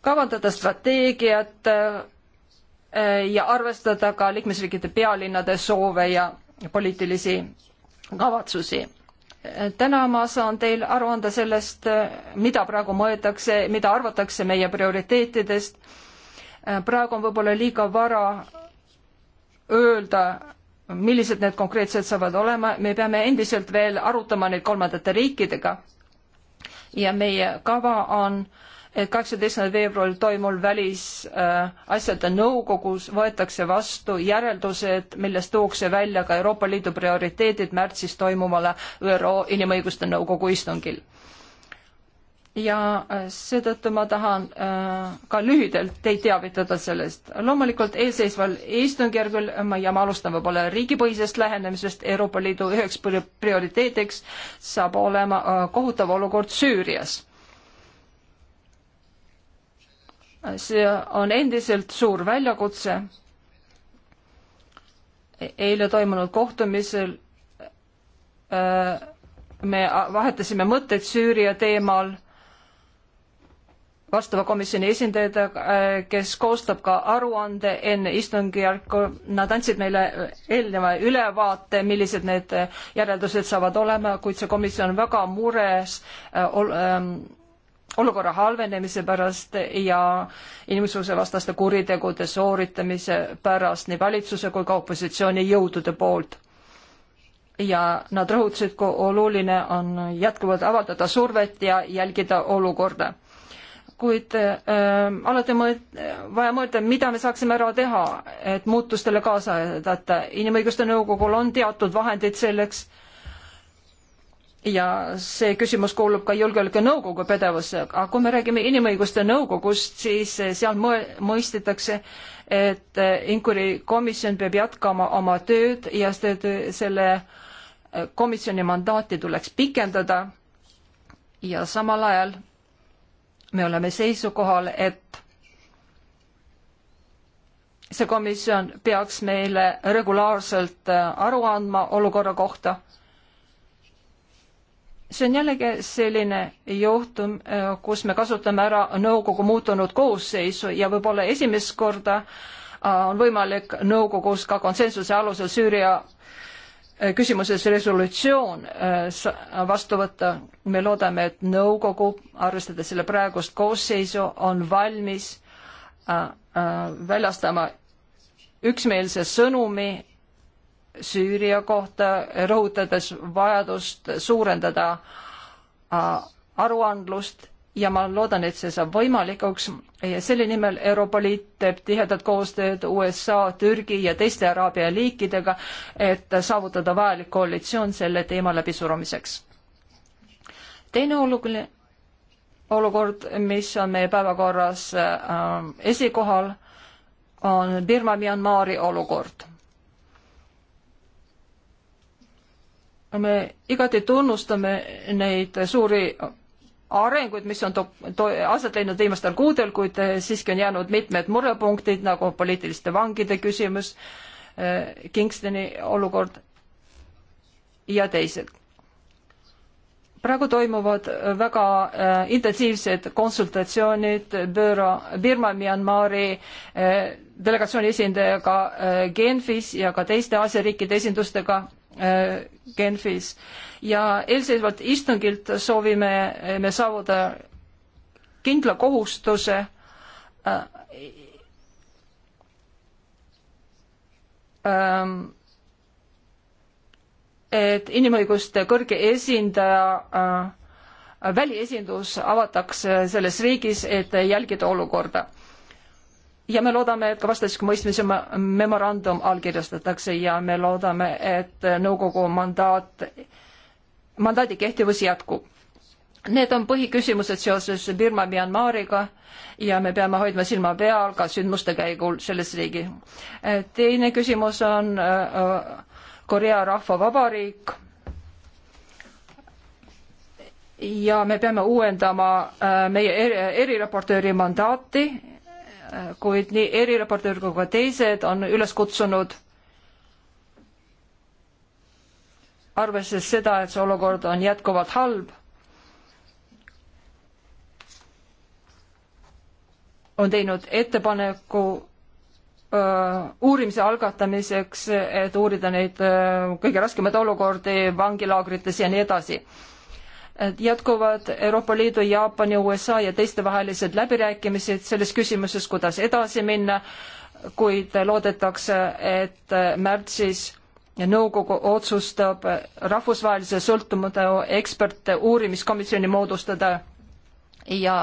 kavandada strateegiat äh, ja arvestada ka liikmesriikide pealinnade soove ja poliitilisi kavatsusi. täna ma saan teil aru anda sellest, mida praegu mõeldakse, mida arvatakse meie prioriteetidest. praegu on võib-olla liiga vara öelda, millised need konkreetselt saavad olema, me peame endiselt veel arutama neid kolmandate riikidega. ja meie kava on äh, et kaheksateistkümnendal veebruaril toimunud välisasjade nõukogus võetakse vastu järeldused, milles tuuakse välja ka Euroopa Liidu prioriteedid märtsis toimuvale ÜRO Inimõiguste Nõukogu istungil. ja äh, seetõttu ma tahan äh, ka lühidalt teid teavitada sellest. loomulikult eelseisval istungjärgul ma ja ma alustan võib-olla riigipõhisest lähenemisest, Euroopa Liidu üheks prioriteediks saab olema äh, kohutav olukord Süürias see on endiselt suur väljakutse. E-, eile toimunud kohtumisel äh, me vahetasime mõtteid Süüria teemal vastava komisjoni esindajatega, äh, kes koostab ka aruande enne istungijärku. Nad andsid meile eelneva ülevaate, millised need äh, järeldused saavad olema, kuid see komisjon on väga mures ol, ähm, olukorra halvenemise pärast ja inimsusevastaste kuritegude sooritamise pärast nii valitsuse kui ka opositsioonijõudude poolt. ja nad rõhutasid, kui oluline on jätkuvalt avaldada survet ja jälgida olukorda. kuid äh, alati on mõt-, vaja mõelda, mida me saaksime ära teha, et muutustele kaasa aidata. inimõiguste nõukogul on teatud vahendid selleks äh,, ja see küsimus kuulub ka Julgeolekunõukogu pädevusse, aga kui me räägime Inimõiguste Nõukogust, siis seal mõ-, mõistetakse, et Inkuri komisjon peab jätkama oma tööd ja selle äh, komisjoni mandaati tuleks pikendada ja samal ajal me oleme seisukohal, et see komisjon peaks meile regulaarselt äh, aru andma olukorra kohta see on jällegi selline juhtum, äh, kus me kasutame ära nõukogu muutunud koosseisu ja võib-olla esimest korda äh, on võimalik nõukogus ka konsensuse alusel Süüria äh, küsimuses resolutsioon vastu võtta. me loodame, et nõukogu, arvestades selle praegust koosseisu, on valmis väljastama üksmeelse sõnumi Süüria kohta, rõhutades vajadust suurendada äh, aruandlust ja ma loodan, et see saab võimalikuks. selle nimel Euroopa Liit teeb tihedat koostööd USA, Türgi ja teiste Araabia liikidega, et saavutada vajalik koalitsioon selle teema läbisurumiseks. teine oluline olukord, mis on meie päevakorras äh, esikohal, on Birma-Myanmari olukord me igati tunnustame neid suuri arenguid, mis on to-, to-, aset leidnud viimastel kuudel, kuid siiski on jäänud mitmed murepunktid, nagu poliitiliste vangide küsimus, eh, Kingstoni olukord ja teised. praegu toimuvad väga eh, intensiivsed konsultatsioonid Büro, Birma, Myanmari eh, delegatsiooni esindajaga Genfis ja ka teiste Aasia riikide esindustega Äh, Genfis ja eelseisvalt istungilt soovime äh, me saavuda kindla kohustuse äh, ähm, et inimõiguste kõrge esindaja väliesindus avatakse selles riigis, et jälgida olukorda ja me loodame, et ka vastasmõistmise memorandum allkirjastatakse ja me loodame, et nõukogu mandaat, mandaadi kehtivus jätkub. Need on põhiküsimused seoses Birma Myanmariga ja me peame hoidma silma peal ka sündmuste käigul selles riigi. teine küsimus on äh, Korea Rahvavabariik ja me peame uuendama äh, meie eriraportööri mandaati kuid nii eriraportöör kui ka teised on üles kutsunud arvestades seda, et see olukord on jätkuvalt halb, on teinud ettepaneku öö, uurimise algatamiseks, et uurida neid öö, kõige raskemaid olukordi vangilaagrites ja nii edasi jätkuvad Euroopa Liidu, Jaapani, USA ja teiste vahelised läbirääkimised selles küsimuses, kuidas edasi minna, kuid loodetakse, et märtsis nõukogu otsustab rahvusvahelise sõltumatu eksperte uurimiskomisjoni moodustada ja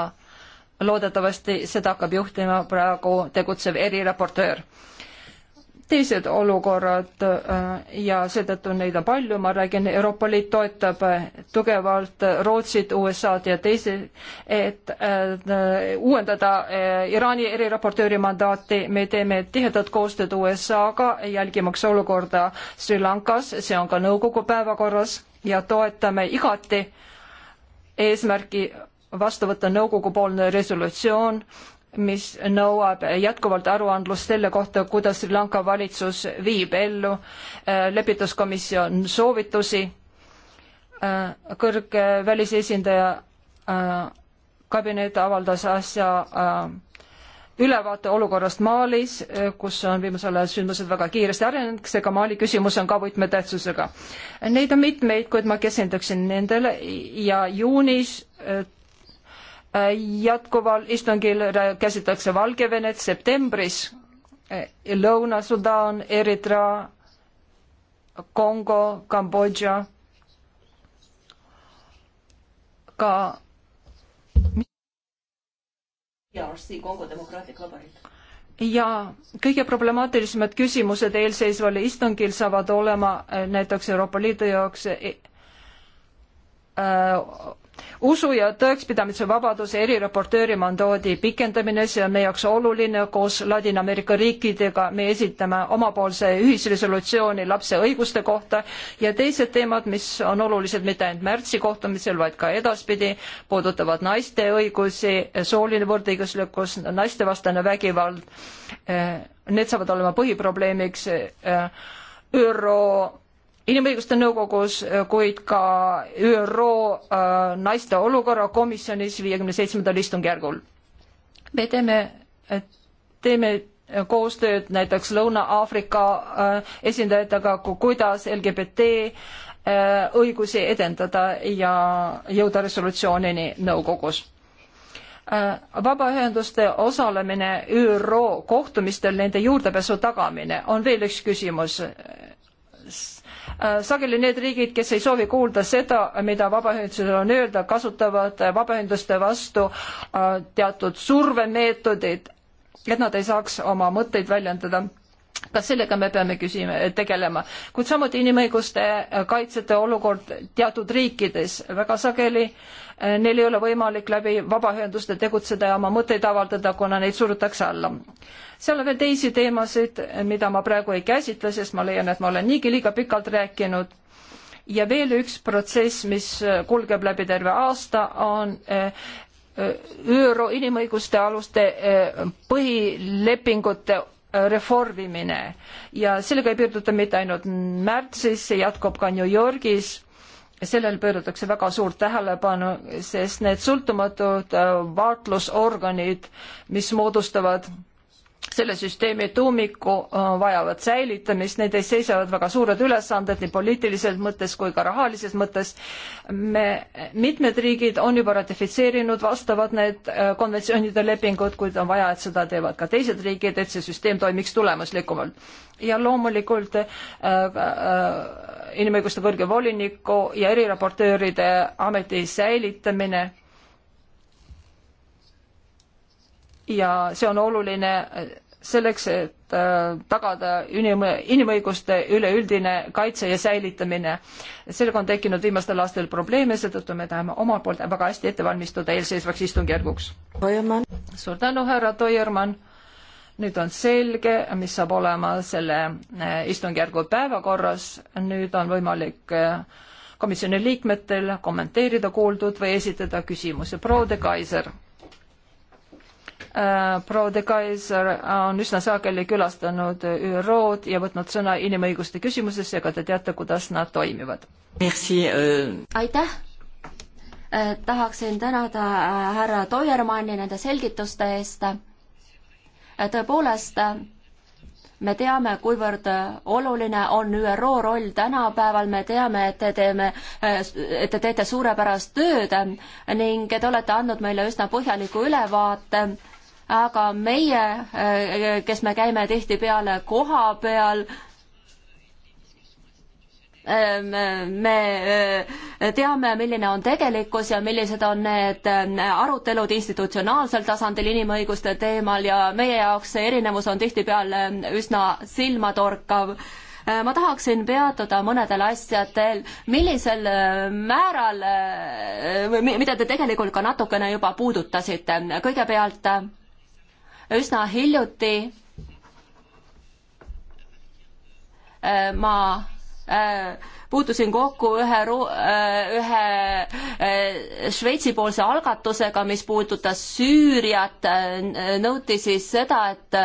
loodetavasti seda hakkab juhtima praegu tegutsev eriraportöör teised olukorrad äh, ja seetõttu neid on palju, ma räägin, Euroopa Liit toetab äh, tugevalt äh, Rootsit, USA-d ja teisi, et uuendada Iraani eriraportööri mandaati, me teeme tihedat koostööd USA-ga, jälgimaks olukorda Sri Lankas, see on ka nõukogu päevakorras ja toetame igati eesmärki vastu võtta nõukogu poolne resolutsioon äh, mis nõuab jätkuvalt aruandlust selle kohta, kuidas Sri Lanka valitsus viib ellu äh, lepituskomisjon soovitusi. Äh, kõrge välisesindaja äh, kabinet avaldas asja ülevaate olukorrast Malis, kus on viimasel ajal sündmused väga kiiresti arenenud, seega Mali küsimus on ka võtmetähtsusega. Neid on mitmeid, kuid ma keskenduksin nendele ja juunis jätkuval istungil käsitletakse Valgevenet septembris, Lõuna-Sudaan, Eritrea, Kongo, Kambodža, ka e ja kõige problemaatilisemad küsimused eelseisval istungil saavad olema eh, näiteks Euroopa Liidu jaoks äh, usu ja tõekspidamise vabaduse eriraportööri mandaadi pikendamine, see on meie jaoks oluline, koos Ladina-Ameerika riikidega me esitame omapoolse ühisresolutsiooni lapse õiguste kohta ja teised teemad, mis on olulised mitte ainult märtsi kohtumisel, vaid ka edaspidi, puudutavad naiste õigusi, sooline võrdõiguslikkus, naistevastane vägivald, eh, need saavad olema põhiprobleemiks eh, ÜRO inimõiguste nõukogus, kuid ka ÜRO äh, naiste olukorra komisjonis viiekümne seitsmendal istungjärgul. me teeme, äh, teeme äh, koostööd näiteks Lõuna-Aafrika esindajatega, kuidas LGBT õigusi edendada ja jõuda resolutsioonini nõukogus vabaühenduste osalemine ÜRO kohtumistel, nende juurdepääsu tagamine on veel üks küsimus Äh, sageli need riigid, kes ei soovi kuulda seda, mida vabaühendusel on öelda, kasutavad äh, vabaühenduste vastu äh, teatud survemeetodeid, et nad ei saaks oma mõtteid väljendada kas sellega me peame küsima, tegelema, kuid samuti inimõiguste kaitsjate olukord teatud riikides väga sageli, neil ei ole võimalik läbi vabaühenduste tegutseda ja oma mõtteid avaldada, kuna neid surutakse alla seal on veel teisi teemasid, mida ma praegu ei käsitle, sest ma leian, et ma olen niigi liiga pikalt rääkinud. ja veel üks protsess, mis äh, kulgeb läbi terve aasta, on äh, äh, ÜRO inimõiguste aluste põhilepingute reformimine ja sellega ei piirduta mitte ainult märtsis, see jätkub ka New Yorgis sellel pööratakse väga suurt tähelepanu, sest need sõltumatud vaatlusorganid, mis moodustavad selle süsteemi tuumiku äh, vajavad säilitamist, need ees seisavad väga suured ülesanded nii poliitilises mõttes kui ka rahalises mõttes. me, mitmed riigid on juba ratifitseerinud vastavad need äh, konventsioonid ja lepingud, kuid on vaja, et seda teevad ka teised riigid, et see süsteem toimiks tulemuslikumalt. ja loomulikult äh, äh, inimõiguste kõrge voliniku ja eriraportööride ameti säilitamine ja see on oluline äh, selleks, et äh, tagada inim-, inimõiguste üleüldine kaitse ja säilitamine. sellega on tekkinud viimastel aastatel probleeme, seetõttu me tahame omalt poolt väga hästi ette valmistuda eelseisvaks istungjärguks. suur tänu, härra Toiermann. nüüd on selge, mis saab olema selle äh, istungjärgu päevakorras. nüüd on võimalik äh, komisjoni liikmetel kommenteerida kuuldut või esitada küsimusi. proua de Kaiser Äh, proua de Kaiser on üsna sageli külastanud ÜRO-d ja võtnud sõna inimõiguste küsimuses, ega te teate, kuidas nad toimivad. Äh. aitäh! Äh, tahaksin tänada härra Toiermanni nende selgituste eest. tõepoolest, me teame, kuivõrd oluline on ÜRO roll tänapäeval, me teame, et te teeme, et te teete suurepärast tööd ning te olete andnud meile üsna põhjaliku ülevaate aga meie, äh, kes me käime tihtipeale koha peal, ähm, me äh, teame, milline on tegelikkus ja millised on need äh, arutelud institutsionaalsel tasandil inimõiguste teemal ja meie jaoks see erinevus on tihtipeale üsna silmatorkav. ma tahaksin peatuda mõnedel asjadel, millisel määral, mida te tegelikult ka natukene juba puudutasite, kõigepealt üsna hiljuti äh, ma äh, puutusin kokku ühe, äh, ühe Šveitsi-poolse algatusega, mis puudutas Süüriat, nõuti siis seda, et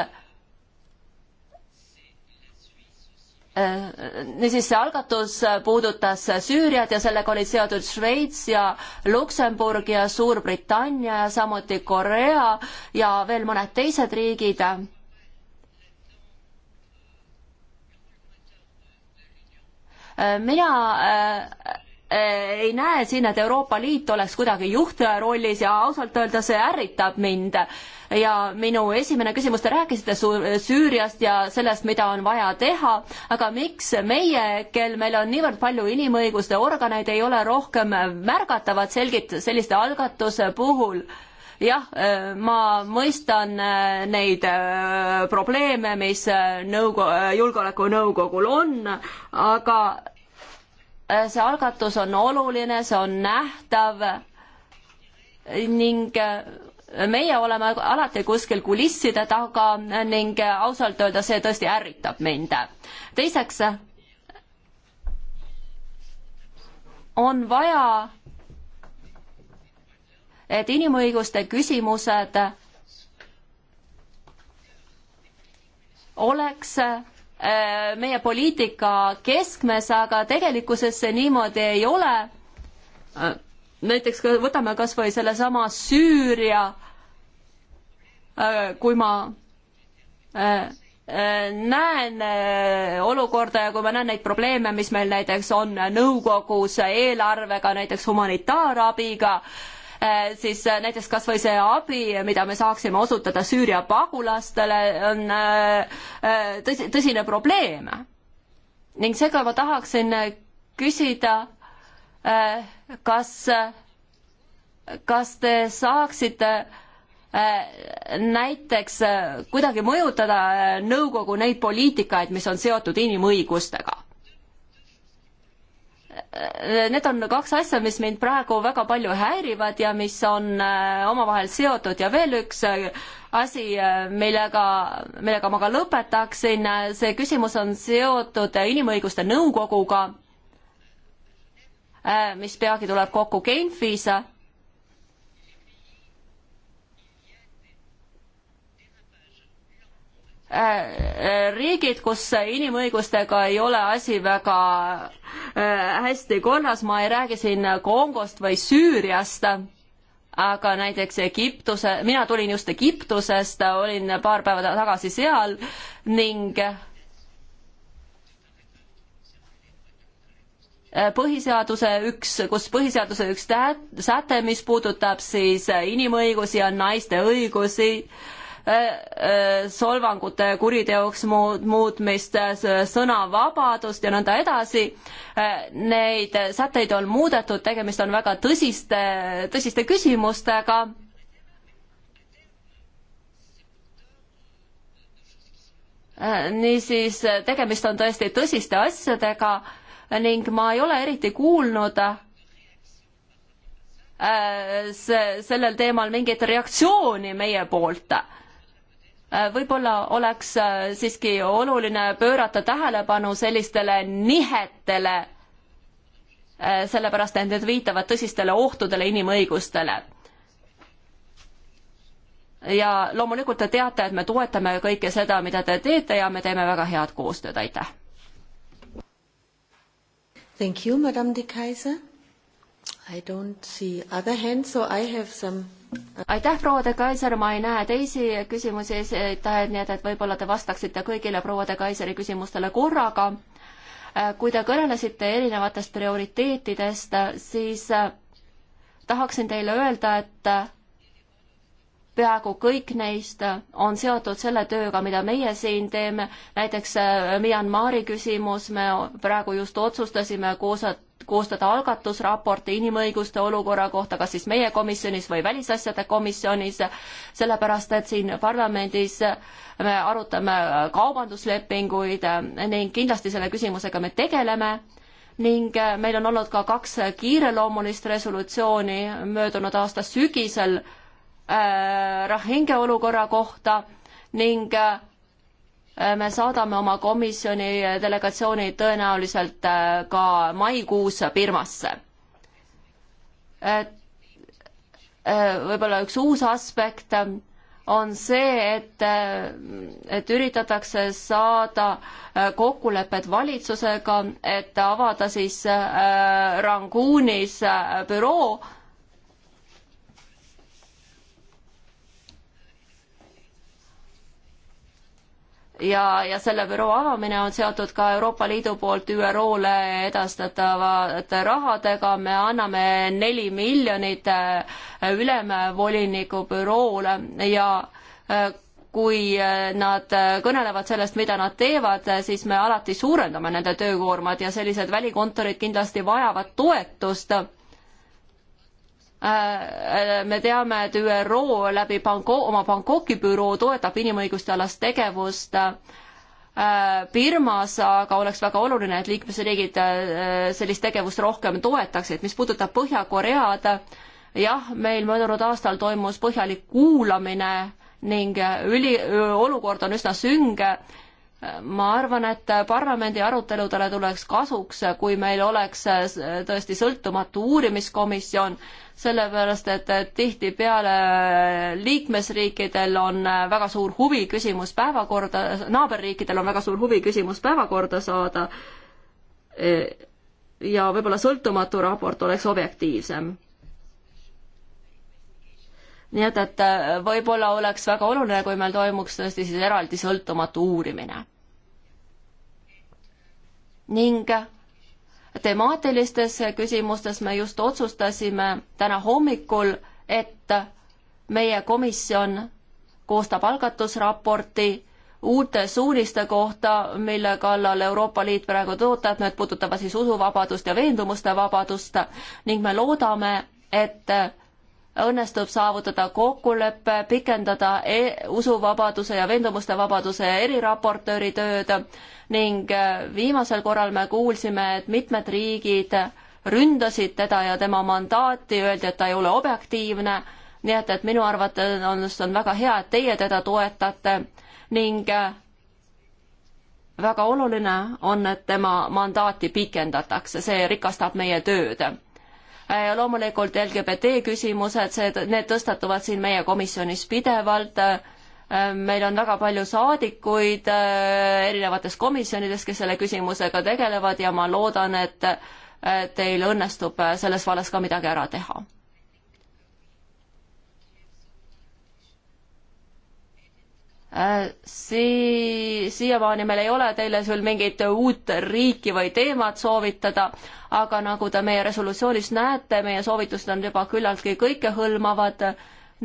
Äh, niisiis, see algatus puudutas Süüriat ja sellega olid seotud Šveits ja Luksemburg ja Suurbritannia ja samuti Korea ja veel mõned teised riigid. Äh, mina äh, Äh, ei näe siin, et Euroopa Liit oleks kuidagi juhtaja rollis ja ausalt öelda see ärritab mind. ja minu esimene küsimus, te rääkisite Süüriast ja sellest, mida on vaja teha, aga miks meie, kel meil on niivõrd palju inimõiguste organeid, ei ole rohkem märgatavad selgit-, selliste algatuse puhul? jah, äh, ma mõistan äh, neid probleeme, mis nõukogu, julgeolekunõukogul on, aga Äh, see algatus on oluline, see on nähtav ning äh, meie oleme alati kuskil kulisside taga ning äh, ausalt öelda see tõesti ärritab mind. teiseks on vaja, et inimõiguste küsimused oleks Äh, meie poliitika keskmes, aga tegelikkuses see niimoodi ei ole. Äh, näiteks võtame kas või sellesama Süüria, äh, kui ma näen olukorda ja kui ma näen neid probleeme, mis meil näiteks on nõukogus eelarvega, näiteks humanitaarabiga äh,, Eh, siis eh, näiteks kas või see abi, mida me saaksime osutada Süüria pagulastele, on eh, tõsi, tõsine probleem. ning seega ma tahaksin küsida, kas, kas te saaksite näiteks kuidagi mõjutada nõukogu neid poliitikaid, mis on seotud inimõigustega need on kaks asja, mis mind praegu väga palju häirivad ja mis on äh, omavahel seotud ja veel üks äh, asi, äh, millega, millega ma ka lõpetaksin, see küsimus on seotud Inimõiguste Nõukoguga, mis peagi tuleb kokku Genfis Äh, äh, riigid, kus inimõigustega ei ole asi väga äh, hästi korras, ma ei räägi siin Kongost või Süüriast, aga näiteks Egiptuse, mina tulin just Egiptusest, olin paar päeva tagasi seal ning põhiseaduse üks, kus põhiseaduse üks säte, mis puudutab siis inimõigusi ja naiste õigusi äh,, Äh, äh, solvangute kuriteoks muutmist, sõnavabadust ja nõnda edasi. Äh, neid sätteid on muudetud, tegemist on väga tõsiste, tõsiste küsimustega niisiis tegemist on tõesti tõsiste asjadega ning ma ei ole eriti kuulnud sellel teemal mingit reaktsiooni meie poolt võib-olla oleks äh, siiski oluline pöörata tähelepanu sellistele nihetele, äh, sellepärast et need viitavad tõsistele ohtudele inimõigustele. ja loomulikult te teate, et me toetame kõike seda, mida te teete ja me teeme väga head koostööd, aitäh. Thank you, madam de Kaiser. I don't see other hands, so I have some aitäh, proua de Kaiser, ma ei näe teisi küsimusi esitajaid, nii et, et võib-olla te vastaksite kõigile proua de Kaiseri küsimustele korraga. Äh, kui te kõnelesite erinevatest prioriteetidest, siis äh, tahaksin teile öelda, et äh, peaaegu kõik neist on seotud selle tööga, mida meie siin teeme, näiteks Myanmari küsimus, me praegu just otsustasime koos koostada algatusraporti inimõiguste olukorra kohta, kas siis meie komisjonis või välisasjade komisjonis, sellepärast et siin parlamendis me arutame kaubanduslepinguid ning kindlasti selle küsimusega me tegeleme ning meil on olnud ka kaks kiireloomulist resolutsiooni möödunud aasta sügisel äh, Rahinge olukorra kohta ning äh, Äh, me saadame oma komisjoni delegatsiooni tõenäoliselt äh, ka maikuus Birmasse. Äh, võib-olla üks uus aspekt on see, et, et üritatakse saada kokkulepet valitsusega, et avada siis Rangoonis büroo ja, ja selle büroo avamine on seotud ka Euroopa Liidu poolt ÜRO-le edastatavate rahadega, me anname neli miljonit äh, ülemvoliniku büroole ja äh, kui äh, nad kõnelevad sellest, mida nad teevad, siis me alati suurendame nende töökoormat ja sellised välikontorid kindlasti vajavad toetust Äh, äh, me teame, et ÜRO läbi Bangko-, oma Bangkoki büroo toetab inimõiguste alast tegevust äh, Birmas, aga oleks väga oluline, et liikmesriigid sellist tegevust rohkem toetaksid. mis puudutab Põhja-Koread, jah, meil möödunud aastal toimus põhjalik kuulamine ning üli, olukord on üsna sünge ma arvan, et parlamendi aruteludele tuleks kasuks, kui meil oleks äh, äh, tõesti sõltumatu uurimiskomisjon, sellepärast et tihtipeale äh, liikmesriikidel on väga suur huvi küsimus päevakorda, naaberriikidel on väga suur huvi küsimus päevakorda saada e, ja võib-olla sõltumatu raport oleks objektiivsem nii et, et võib-olla oleks väga oluline, kui meil toimuks tõesti siis eraldi sõltumatu uurimine ning temaatilistes küsimustes me just otsustasime täna hommikul, et meie komisjon koostab algatusraporti uute suuniste kohta, mille kallal Euroopa Liit praegu töötab, need puudutavad siis usuvabadust ja veendumuste vabadust ning me loodame, et õnnestub saavutada kokkulepe, pikendada e usuvabaduse ja veendumuste vabaduse eriraportööri tööd ning äh, viimasel korral me kuulsime, et mitmed riigid ründasid teda ja tema mandaati, öeldi, et ta ei ole objektiivne, nii et, et minu arvates on, on väga hea, et teie teda toetate ning äh, väga oluline on, et tema mandaati pikendatakse, see rikastab meie tööd Äh, loomulikult LGBT küsimused, see, need tõstatuvad siin meie komisjonis pidevalt äh, meil on väga palju saadikuid äh, erinevates komisjonides, kes selle küsimusega tegelevad ja ma loodan, et teil õnnestub selles vallas ka midagi ära teha. Äh, see, siiamaani meil ei ole teile küll mingit uut riiki või teemat soovitada, aga nagu te meie resolutsioonis näete, meie soovitused on juba küllaltki kõikehõlmavad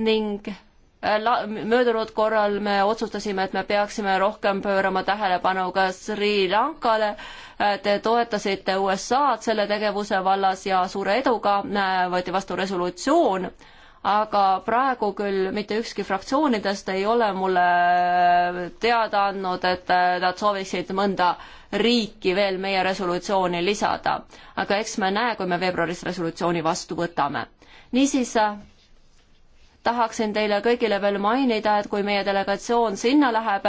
ning äh, la-, möödunud korral me otsustasime, et me peaksime rohkem pöörama tähelepanu ka Sri Lankale. Äh, te toetasite USA-d selle tegevuse vallas ja suure eduga võeti vastu resolutsioon aga praegu küll mitte ükski fraktsioonidest ei ole mulle teada andnud, et äh, nad sooviksid mõnda riiki veel meie resolutsiooni lisada. aga eks me näe, kui me veebruaris resolutsiooni vastu võtame. niisiis äh, tahaksin teile kõigile veel mainida, et kui meie delegatsioon sinna läheb,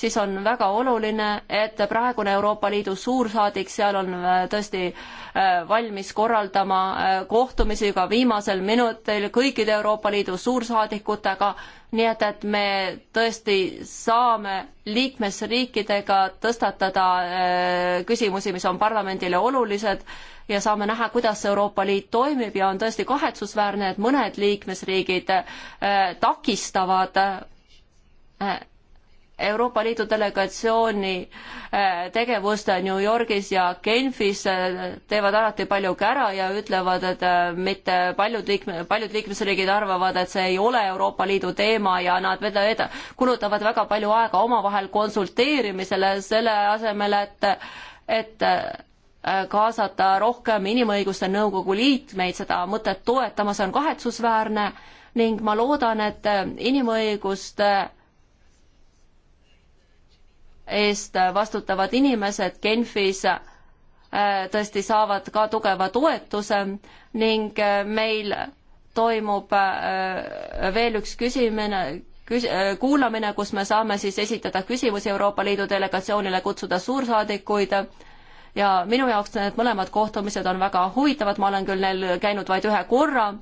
siis on väga oluline, et praegune Euroopa Liidu suursaadik seal on äh, tõesti äh, valmis korraldama äh, kohtumisi ka viimasel minutil kõikide Euroopa Liidu suursaadikutega nii et, et me tõesti saame liikmesriikidega tõstatada äh, küsimusi, mis on parlamendile olulised ja saame näha, kuidas Euroopa Liit toimib ja on tõesti kahetsusväärne, et mõned liikmesriigid äh, takistavad äh, Euroopa Liidu delegatsiooni äh, tegevust New Yorgis ja Genfis äh, teevad alati palju kära ja ütlevad, et äh, mitte paljud liikme, paljud liikmesriigid arvavad, et see ei ole Euroopa Liidu teema ja nad eda, kulutavad väga palju aega omavahel konsulteerimisele, selle asemel, et, et kaasata rohkem Inimõiguste Nõukogu liikmeid seda mõtet toetama, see on kahetsusväärne ning ma loodan, et inimõiguste eest vastutavad inimesed Genfis äh, tõesti saavad ka tugeva toetuse ning äh, meil toimub äh, veel üks küsimine, küs-, kuulamine, kus me saame siis esitada küsimusi Euroopa Liidu delegatsioonile, kutsuda suursaadikuid ja minu jaoks need mõlemad kohtumised on väga huvitavad, ma olen küll neil käinud vaid ühe korra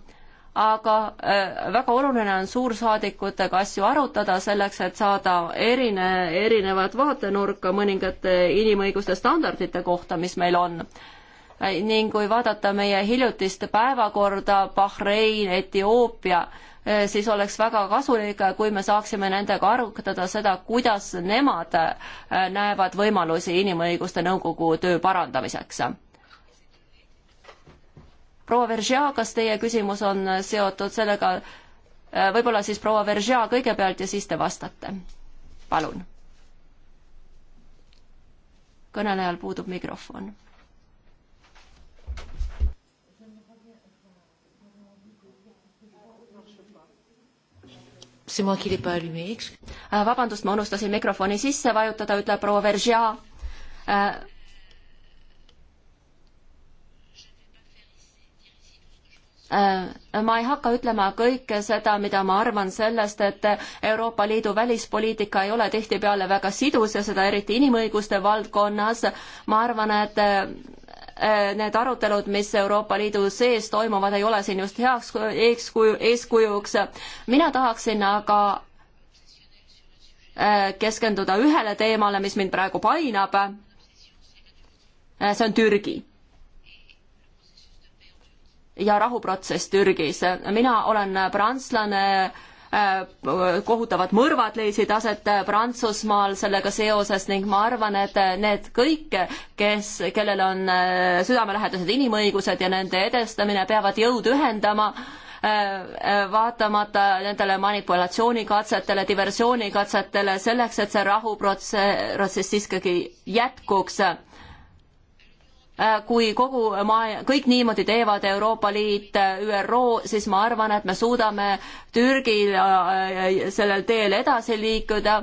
aga äh, väga oluline on suursaadikutega asju arutada selleks, et saada erine, erinevat vaatenurka mõningate inimõiguste standardite kohta, mis meil on. Äh, ning kui vaadata meie hiljutist päevakorda, Bahrein, Etioopia, äh, siis oleks väga kasulik, kui me saaksime nendega arutada seda, kuidas nemad näevad võimalusi Inimõiguste Nõukogu töö parandamiseks proua Veržea, kas teie küsimus on seotud sellega, äh, võib-olla siis proua Veržea kõigepealt ja siis te vastate. palun. kõnelejal puudub mikrofon C'est moi qui l'ai pas allumé. Äh, vabandust, ma unustasin mikrofoni sisse vajutada, ütleb proua Veržia. Äh, Äh, ma ei hakka ütlema kõike seda, mida ma arvan sellest, et Euroopa Liidu välispoliitika ei ole tihtipeale väga sidus ja seda eriti inimõiguste valdkonnas. ma arvan, et äh, need arutelud, mis Euroopa Liidu sees toimuvad, ei ole siin just heaks eeskuju, eeskujuks. mina tahaksin aga äh, keskenduda ühele teemale, mis mind praegu painab. see on Türgi ja rahuprotsess Türgis. mina olen prantslane, äh, kohutavad mõrvad leidsid aset Prantsusmaal sellega seoses ning ma arvan, et need kõik, kes, kellel on äh, südamelähedased inimõigused ja nende edestamine, peavad jõud ühendama äh, vaatamata nendele manipulatsiooni-katsetele, diversiooni-katsetele, selleks, et see rahuprotsess siiski jätkuks Äh, kui kogu maailm, kõik niimoodi teevad, Euroopa Liit, äh, ÜRO, siis ma arvan, et me suudame Türgil äh, sellel teel edasi liikuda.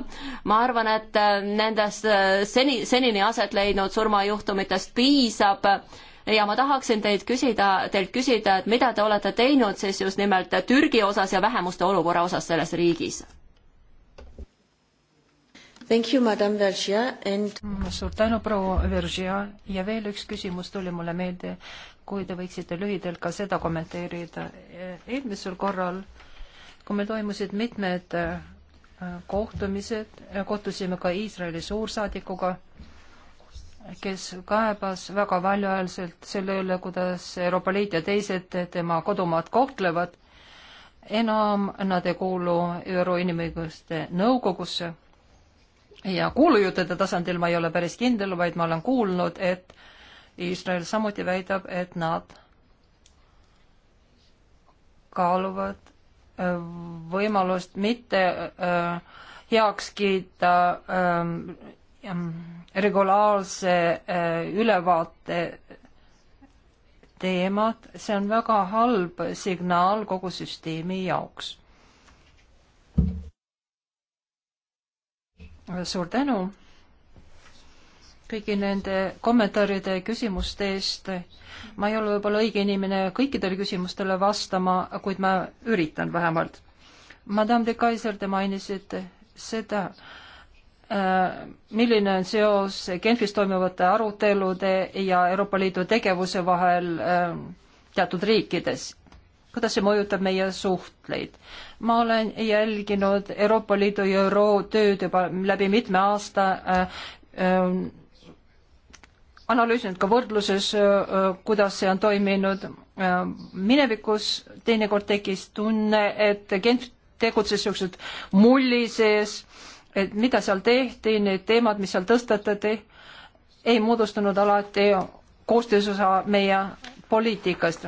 ma arvan, et nendest seni, senini aset leidnud surmajuhtumitest piisab ja ma tahaksin teid küsida, teilt küsida, et mida te olete teinud siis just nimelt Türgi osas ja vähemuste olukorra osas selles riigis? Thank you, madam Vergia and suur tänu, proua Vergia ja veel üks küsimus tuli mulle meelde, kui te võiksite lühidalt ka seda kommenteerida. eelmisel korral, kui meil toimusid mitmed äh, kohtumised, äh, kohtusime ka Iisraeli suursaadikuga, kes kaebas väga valjuhäälselt selle üle, kuidas Euroopa Liit ja teised tema kodumaad kohtlevad. enam nad ei kuulu ÜRO Inimõiguste Nõukogusse ja kuulujuttude tasandil ma ei ole päris kindel, vaid ma olen kuulnud, et Iisrael samuti väidab, et nad kaaluvad äh, võimalust mitte äh, heaks kiita äh, regulaarse äh, ülevaate teemat, see on väga halb signaal kogu süsteemi jaoks suur tänu kõigi nende kommentaaride ja küsimuste eest. ma ei ole võib-olla õige inimene kõikidele küsimustele vastama, kuid ma üritan vähemalt. Madame de Kaiser, te mainisite seda, äh, milline on seos Genfis toimuvate arutelude ja Euroopa Liidu tegevuse vahel äh, teatud riikides kuidas see mõjutab meie suhtleid. ma olen jälginud Euroopa Liidu ja ÜRO tööd juba läbi mitme aasta äh, äh, analüüsinud ka võrdluses äh,, äh kuidas see on toiminud äh, minevikus, teinekord tekkis tunne, et Genf tegutses niisugused mulli sees, et mida seal tehti, need teemad, mis seal tõstatati, ei moodustunud alati koostöös osa meie poliitikast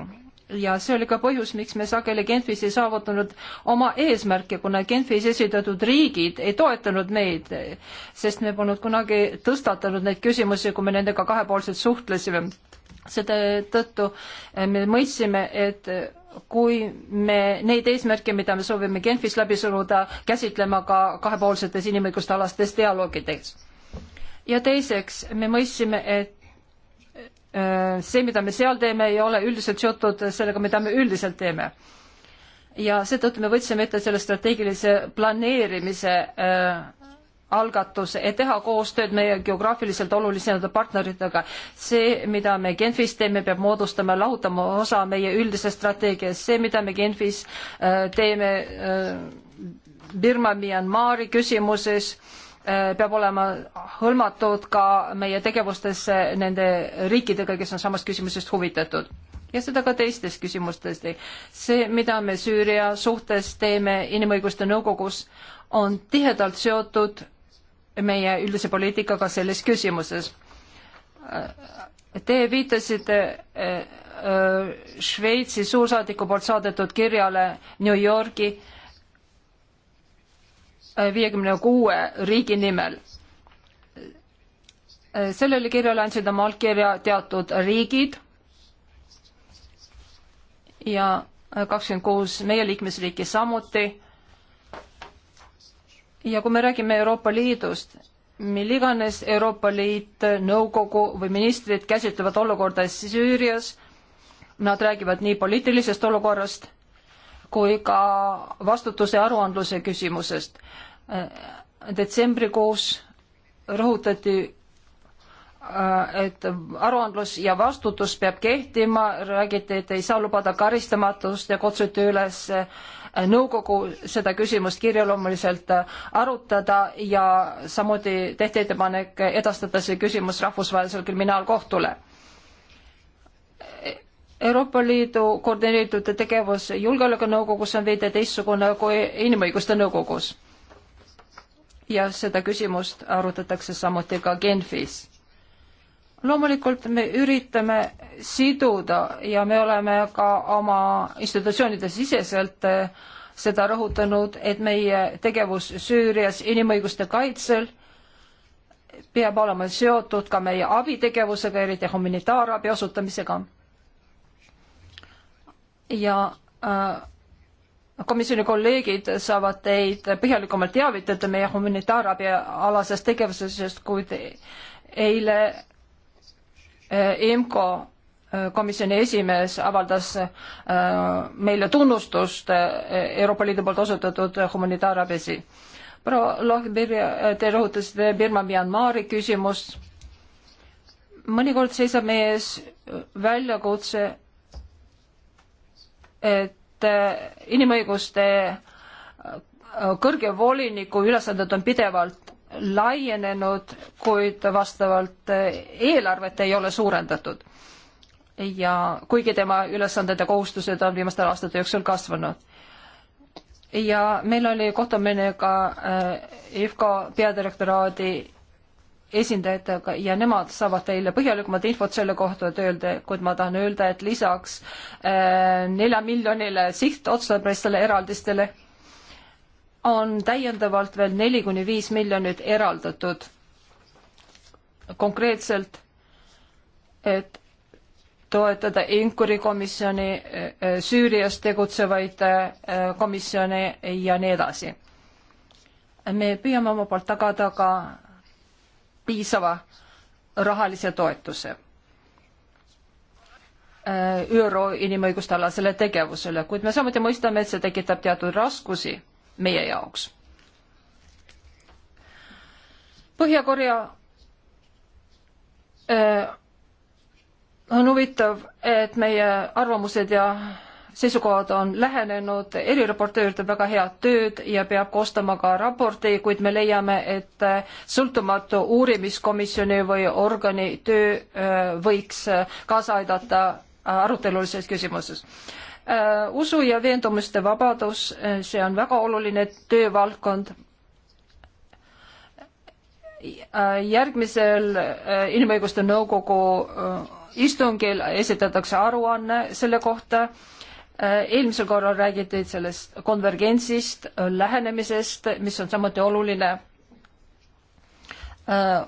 ja see oli ka põhjus, miks me sageli Genfis ei saavutanud oma eesmärke, kuna Genfis esindatud riigid ei toetanud meid, sest me polnud kunagi tõstatanud neid küsimusi, kui me nendega kahepoolselt suhtlesime. seetõttu eh, me mõistsime, et kui me neid eesmärke, mida me soovime Genfis läbi suruda, käsitlema ka kahepoolsetes inimõiguste alastes dialoogides. ja teiseks, me mõistsime, et Äh, see, mida me seal teeme, ei ole üldiselt seotud sellega, mida me üldiselt teeme. ja seetõttu me võtsime ette selle strateegilise planeerimise äh, algatuse, et teha koostööd meie geograafiliselt olulisemate partneritega. see, mida me Genfis teeme, peab moodustama lahutama osa meie üldisest strateegiast, see, mida me Genfis äh, teeme äh, Birma, Myanmari küsimuses äh,, Äh, peab olema hõlmatud ka meie tegevustesse nende riikidega, kes on samast küsimusest huvitatud ja seda ka teistes küsimustes. see, mida me Süüria suhtes teeme Inimõiguste Nõukogus, on tihedalt seotud meie üldise poliitikaga selles küsimuses. Äh, te viitasite äh, Šveitsi suursaadiku poolt saadetud kirjale New Yorgi äh, Äh, viiekümne kuue riigi nimel. Äh, sellele kirjale andsid oma allkirja teatud riigid ja äh, kakskümmend kuus meie liikmesriiki samuti. ja kui me räägime Euroopa Liidust, mil iganes Euroopa Liit, nõukogu või ministrid käsitlevad olukorda Süürias, nad räägivad nii poliitilisest olukorrast kui ka vastutuse aruandluse küsimusest. detsembrikuus rõhutati et aruandlus ja vastutus peab kehtima, räägiti, et ei saa lubada karistamatust ja kutsuti üles nõukogu seda küsimust kirjaloomuliselt arutada ja samuti tehti ettepanek edastada see küsimus rahvusvahelisele kriminaalkohtule Euroopa Liidu koordineeritud tegevus Julgeolekunõukogus on veidi teistsugune kui Inimõiguste Nõukogus. ja seda küsimust arutatakse samuti ka Genfis. loomulikult me üritame siduda ja me oleme ka oma institutsioonide siseselt eh, seda rõhutanud, et meie tegevus Süürias inimõiguste kaitsel peab olema seotud ka meie abitegevusega, eriti humanitaarabi osutamisega ja äh, komisjoni kolleegid saavad teid põhjalikumalt teavitada meie humanitaarabi alasest tegevusest, kuid eile äh, EMCO äh, komisjoni esimees avaldas meile tunnustust Euroopa Liidu poolt osutatud humanitaarabisi. proua Lohbir, te rõhutasite Birma-Myanmari küsimust. mõnikord seisab meie ees väljakutse et äh, inimõiguste äh, kõrge voliniku ülesanded on pidevalt laienenud, kuid vastavalt äh, eelarvet ei ole suurendatud. ja kuigi tema ülesanded ja kohustused on viimastel aastate jooksul kasvanud. ja meil oli kohtumine ka IFCO peadirektoraadi esindajatega ja nemad saavad teile põhjalikumat infot selle kohta, et öelda, kuid ma tahan öelda, et lisaks äh, nelja äh, miljonile sihtotstarbelistele eraldistele on täiendavalt veel neli kuni viis miljonit eraldatud konkreetselt, et toetada Inkuri komisjoni äh,, äh Süürias tegutsevaid äh, komisjone ja nii edasi. me püüame oma poolt tagada ka -taga piisava rahalise toetuse äh, ÜRO inimõiguste alasele tegevusele, kuid me samuti mõistame, et see tekitab teatud raskusi meie jaoks. Põhja-Korea äh, on huvitav, et meie arvamused ja seisukohad on lähenenud, erireportöör teeb väga head tööd ja peab koostama ka raporti, kuid me leiame, et sõltumatu uurimiskomisjoni või organi töö äh, võiks kaasa aidata äh, arutelulises küsimuses. Äh, usu ja veendumuste vabadus, see on väga oluline töövaldkond järgmisel Inimõiguste Nõukogu istungil esitatakse aruanne selle kohta Äh, eelmisel korral räägiti sellest konvergentsist, äh, lähenemisest, mis on samuti oluline. Äh,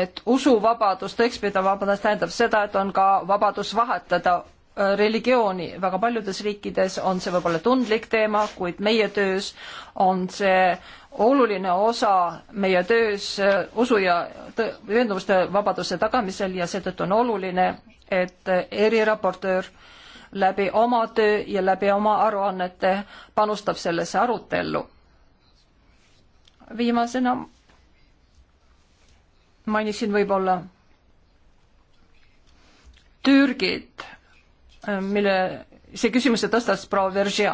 et usuvabadus, tõekspidavabadus tähendab seda, et on ka vabadus vahetada religiooni, väga paljudes riikides on see võib-olla tundlik teema, kuid meie töös on see oluline osa meie töös usu ja veendumuste vabaduse tagamisel ja seetõttu on oluline, et eriraportöör äh, läbi oma töö ja läbi oma aruannete panustab sellesse arutellu. viimasena mainisin võib-olla Türgit, mille, see küsimuse tõstas proua Veržia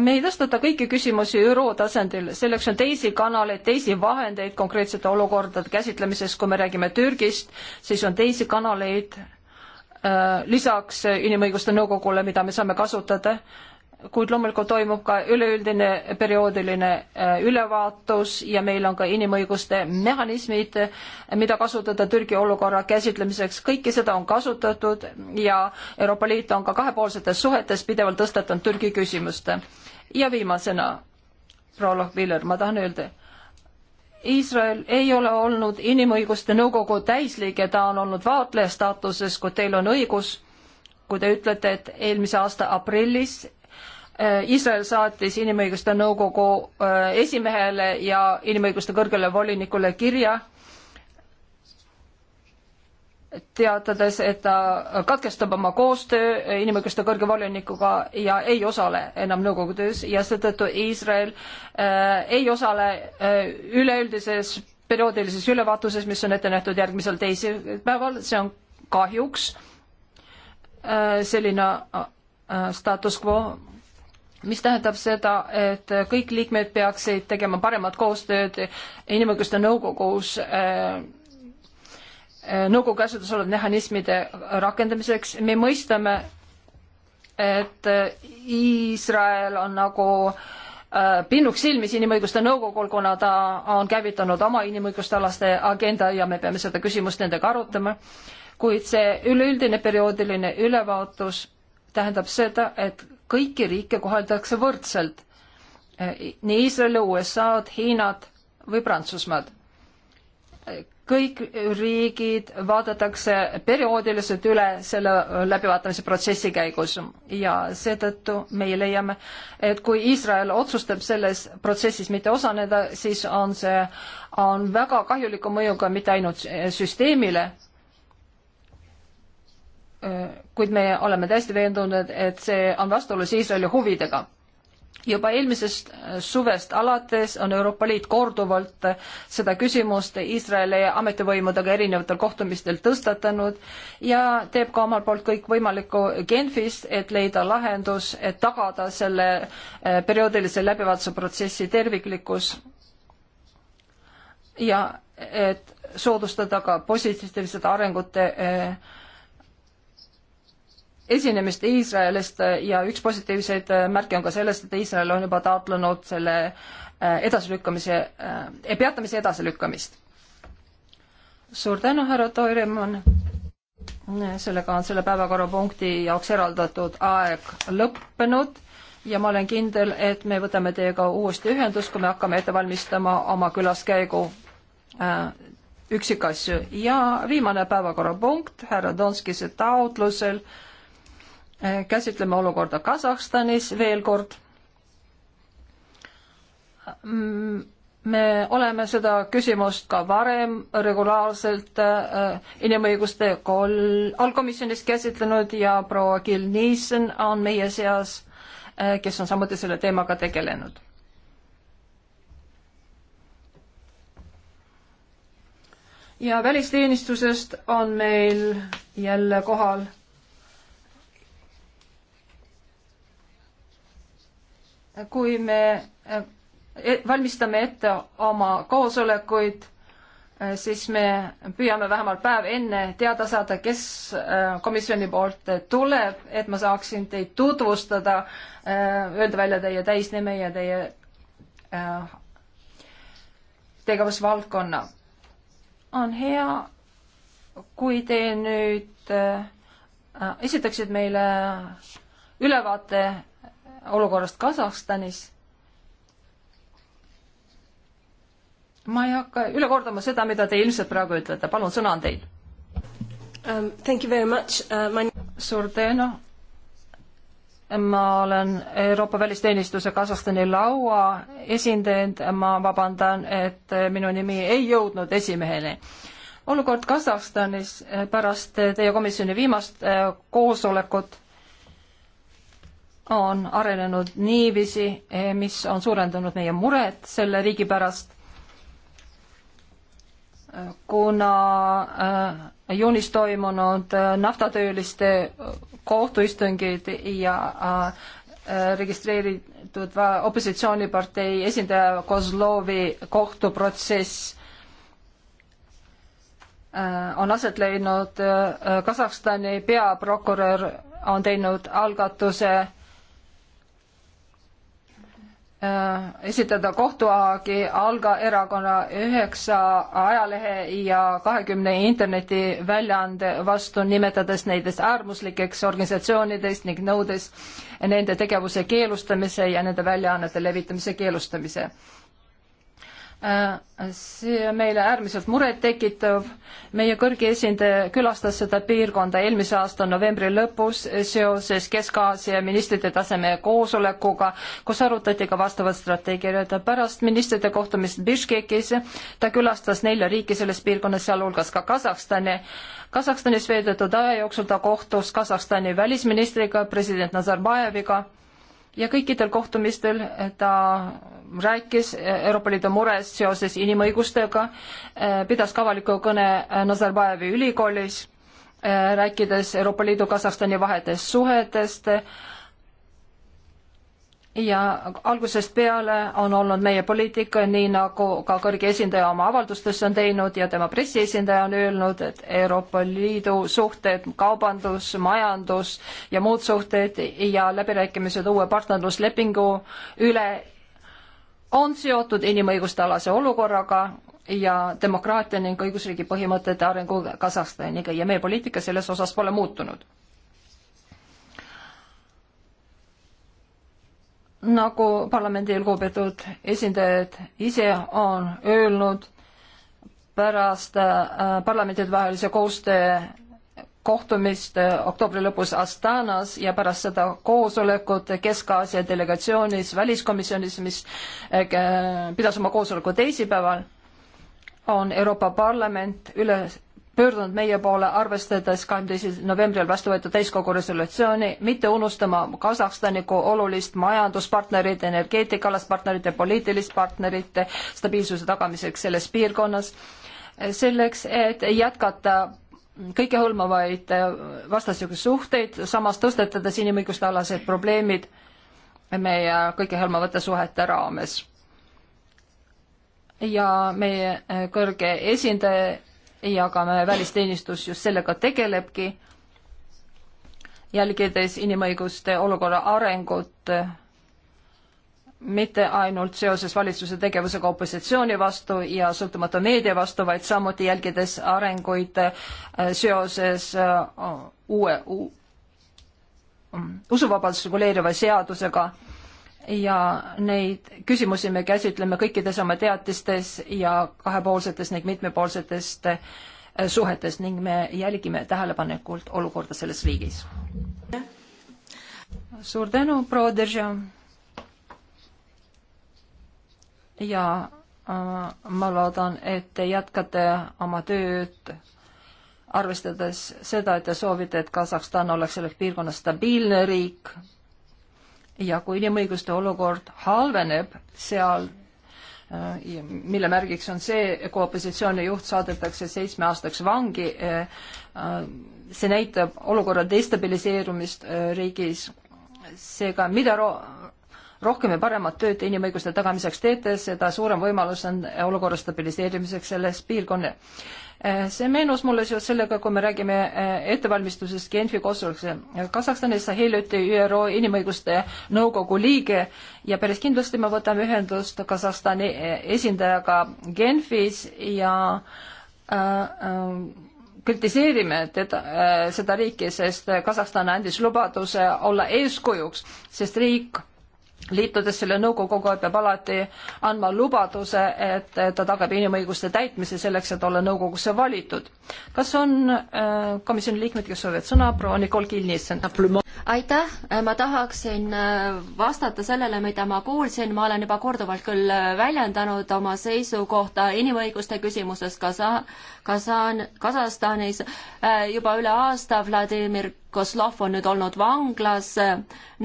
me ei tõstata kõiki küsimusi ÜRO tasandil, selleks on teisi kanaleid, teisi vahendeid konkreetsete olukordade käsitlemises, kui me räägime Türgist, siis on teisi kanaleid Äh, lisaks Inimõiguste Nõukogule, mida me saame kasutada, kuid loomulikult toimub ka üleüldine perioodiline äh, ülevaatus ja meil on ka inimõiguste mehhanismid, mida kasutada Türgi olukorra käsitlemiseks. kõike seda on kasutatud ja Euroopa Liit on ka kahepoolsetes suhetes pidevalt tõstatanud Türgi küsimust. ja viimasena, proua Lohviller, ma tahan öelda Iisrael ei ole olnud Inimõiguste Nõukogu täisliige, ta on olnud vaatleja staatuses, kuid teil on õigus, kui te ütlete, et eelmise aasta aprillis äh, Iisrael saatis Inimõiguste Nõukogu äh, esimehele ja inimõiguste kõrgele volinikule kirja, teatades, et ta katkestab oma koostöö inimõiguste kõrge volinikuga ja ei osale enam nõukogu töös ja seetõttu Iisrael äh, ei osale äh, üleüldises perioodilises ülevaatuses, mis on ette nähtud järgmisel teisipäeval, see on kahjuks äh, selline äh, status quo, mis tähendab seda, et kõik liikmed peaksid tegema paremat koostööd inimõiguste nõukogus äh, Äh, nõukogu käsutuses olev mehhanismide rakendamiseks, me mõistame, et äh, Iisrael on nagu äh, pinnuks silmis Inimõiguste Nõukogul, kuna ta on käivitanud oma inimõiguste alaste agenda ja me peame seda küsimust nendega arutama, kuid see üleüldine perioodiline ülevaatus tähendab seda, et kõiki riike koheldakse võrdselt, nii Iisraeli, USA-d, Hiinat või Prantsusmaad kõik riigid vaadatakse perioodiliselt üle selle läbivaatamise protsessi käigus ja seetõttu meie leiame, et kui Iisrael otsustab selles protsessis mitte osaneda, siis on see, on väga kahjuliku mõjuga mitte ainult süsteemile, kuid me oleme täiesti veendunud, et see on vastuolus Iisraeli huvidega juba eelmisest äh, suvest alates on Euroopa Liit korduvalt äh, seda küsimust Iisraeli ametivõimudega erinevatel kohtumistel tõstatanud ja teeb ka omalt poolt kõik võimalikku Genfis, et leida lahendus, et tagada selle äh, perioodilise läbivaatuse protsessi terviklikkus ja et soodustada ka positiivsete arengute äh, esinemist Iisraelist ja üks positiivseid äh, märke on ka sellest, et Iisrael on juba taotlenud selle äh, edasilükkamise, äh, peatamise edasilükkamist. suur tänu, härra Toiremann. sellega on selle päevakorrapunkti jaoks eraldatud aeg lõppenud ja ma olen kindel, et me võtame teiega uuesti ühendust, kui me hakkame ette valmistama oma külaskäigu üksikasju ja viimane päevakorrapunkt härra Donskise taotlusel äh, Eh, käsitleme olukorda Kasahstanis veel kord. Mm, me oleme seda küsimust ka varem regulaarselt eh, inimõiguste kol-, allkomisjonis käsitlenud ja proua Gil Nielsen on meie seas, eh, kes on samuti selle teemaga tegelenud ja välisteenistusest on meil jälle kohal kui me eh, e-, valmistame ette oma koosolekuid, eh, siis me püüame vähemalt päev enne teada saada, kes eh, komisjoni poolt tuleb, et ma saaksin teid tutvustada, öelda välja teie täisnime ja teie tegevusvaldkonna. on hea, kui te nüüd esitaksite meile ülevaate olukorrast Kasahstanis. ma ei hakka üle kordama seda, mida te ilmselt praegu ütlete, palun, sõna on teil um,. Thank you very much uh,. My... suur tänu. ma olen Euroopa Välisteenistuse Kasahstani laua esindajad, ma vabandan, et minu nimi ei jõudnud esimeheni olukord Kasahstanis pärast teie komisjoni viimast äh, koosolekut on arenenud niiviisi, eh, mis on suurendanud meie muret selle riigi pärast, kuna eh, juunis toimunud eh, naftatööliste kohtuistungid ja registreeritud opositsioonipartei esindaja Kozlovi kohtuprotsess on aset leidnud Kasahstani peaprokurör on teinud algatuse Äh, esitada kohtuahagi Alga erakonna üheksa ajalehe ja kahekümne internetiväljaande vastu, nimetades neidest äärmuslikeks organisatsioonidest ning nõudes nende tegevuse keelustamise ja nende väljaannete levitamise keelustamise Äh, see meile äärmiselt murettekitav. meie kõrge esindaja külastas seda piirkonda eelmise aasta novembri lõpus seoses Kesk-Aasia ministrite taseme koosolekuga, kus arutati ka vastavat strateegiat. pärast ministrite kohtumist Biškekis ta külastas nelja riiki selles piirkonnas, sealhulgas ka Kasahstani. Kasahstanis veedetud aja jooksul ta kohtus Kasahstani välisministriga, president Nazarbajeviga ja kõikidel kohtumistel ta rääkis Euroopa Liidu murest seoses inimõigustega, eh, pidas ka avaliku kõne eh, Nazarbajevi ülikoolis, eh, rääkides Euroopa Liidu Kasahstani vahetest suhetest, ja algusest peale on olnud meie poliitika, nii nagu ka kõrge esindaja oma avaldustes on teinud ja tema pressiesindaja on öelnud, et Euroopa Liidu suhted, kaubandus, majandus ja muud suhted ja läbirääkimised uue partnerluslepingu üle on seotud inimõiguste alase olukorraga ja demokraatia ning õigusriigi põhimõtete arengu Kasahstaniga ja meie poliitika selles osas pole muutunud nagu parlamendi lugupeetud esindajad ise on öelnud, pärast äh, parlamentidevahelise koostöö kohtumist äh, oktoobri lõpus Astanas ja pärast seda koosolekut Kesk-Aasia delegatsioonis, väliskomisjonis, mis äh, pidas oma koosoleku teisipäeval, on Euroopa Parlament üles pöördunud meie poole, arvestades kahekümne teisel novembril vastu võetud täiskogu resolutsiooni, mitte unustama Kasahstani kui olulist majanduspartnerit, energeetikalast partnerite, poliitilist partnerite stabiilsuse tagamiseks selles piirkonnas, selleks, et jätkata kõikehõlmavaid vastassuguseid suhteid, samas tõstetades inimõiguste alased probleemid meie kõikehõlmavate suhete raames. ja meie kõrge esindaja jagame, välisteenistus just sellega tegelebki, jälgides inimõiguste olukorra arengut mitte ainult seoses valitsuse tegevusega opositsiooni vastu ja sõltumatu meedia vastu, vaid samuti jälgides arenguid äh, seoses äh, uue, uue usuvabadust reguleeriva seadusega ja neid küsimusi me käsitleme kõikides oma teatistes ja kahepoolsetes ning mitmepoolsetest eh, suhetes ning me jälgime tähelepanekult olukorda selles riigis. suur tänu, proua Derža. ja äh, ma loodan, et te jätkate oma tööd arvestades seda, et te soovite, et Kasahstan oleks selles piirkonnas stabiilne riik ja kui inimõiguste olukord halveneb seal, äh, mille märgiks on see, kui opositsiooni juht saadetakse seitsme aastaks vangi, äh, äh, see näitab olukorra destabiliseerumist riigis. seega mida ro-, rohkem ja paremat tööd inimõiguste tagamiseks teete, seda suurem võimalus on olukorra stabiliseerimiseks selles piirkonna. Eh, see meenus mulle seoses sellega, kui me räägime eh, ettevalmistusest Genfi koosolekul. Eh, Kasahstanis sai hiljuti ÜRO Inimõiguste Nõukogu liige ja päris kindlasti me võtame ühendust Kasahstani esindajaga Genfis ja äh, äh, kritiseerime teda, seda riiki, sest Kasahstan andis lubaduse olla eeskujuks, sest riik liitudes selle nõukoguga, peab alati andma lubaduse, et ta tagab inimõiguste täitmise selleks, et olla nõukogusse valitud. kas on äh, komisjoni liikmed, kes soovivad sõna, proua Nicole Kilnissen? aitäh, ma tahaksin äh, vastata sellele, mida ma kuulsin, ma olen juba korduvalt küll äh, väljendanud oma seisukohta inimõiguste küsimuses Kasa-, Kasan-, Kasahstanis äh, juba üle aasta Vladimir Koslov on nüüd olnud vanglas,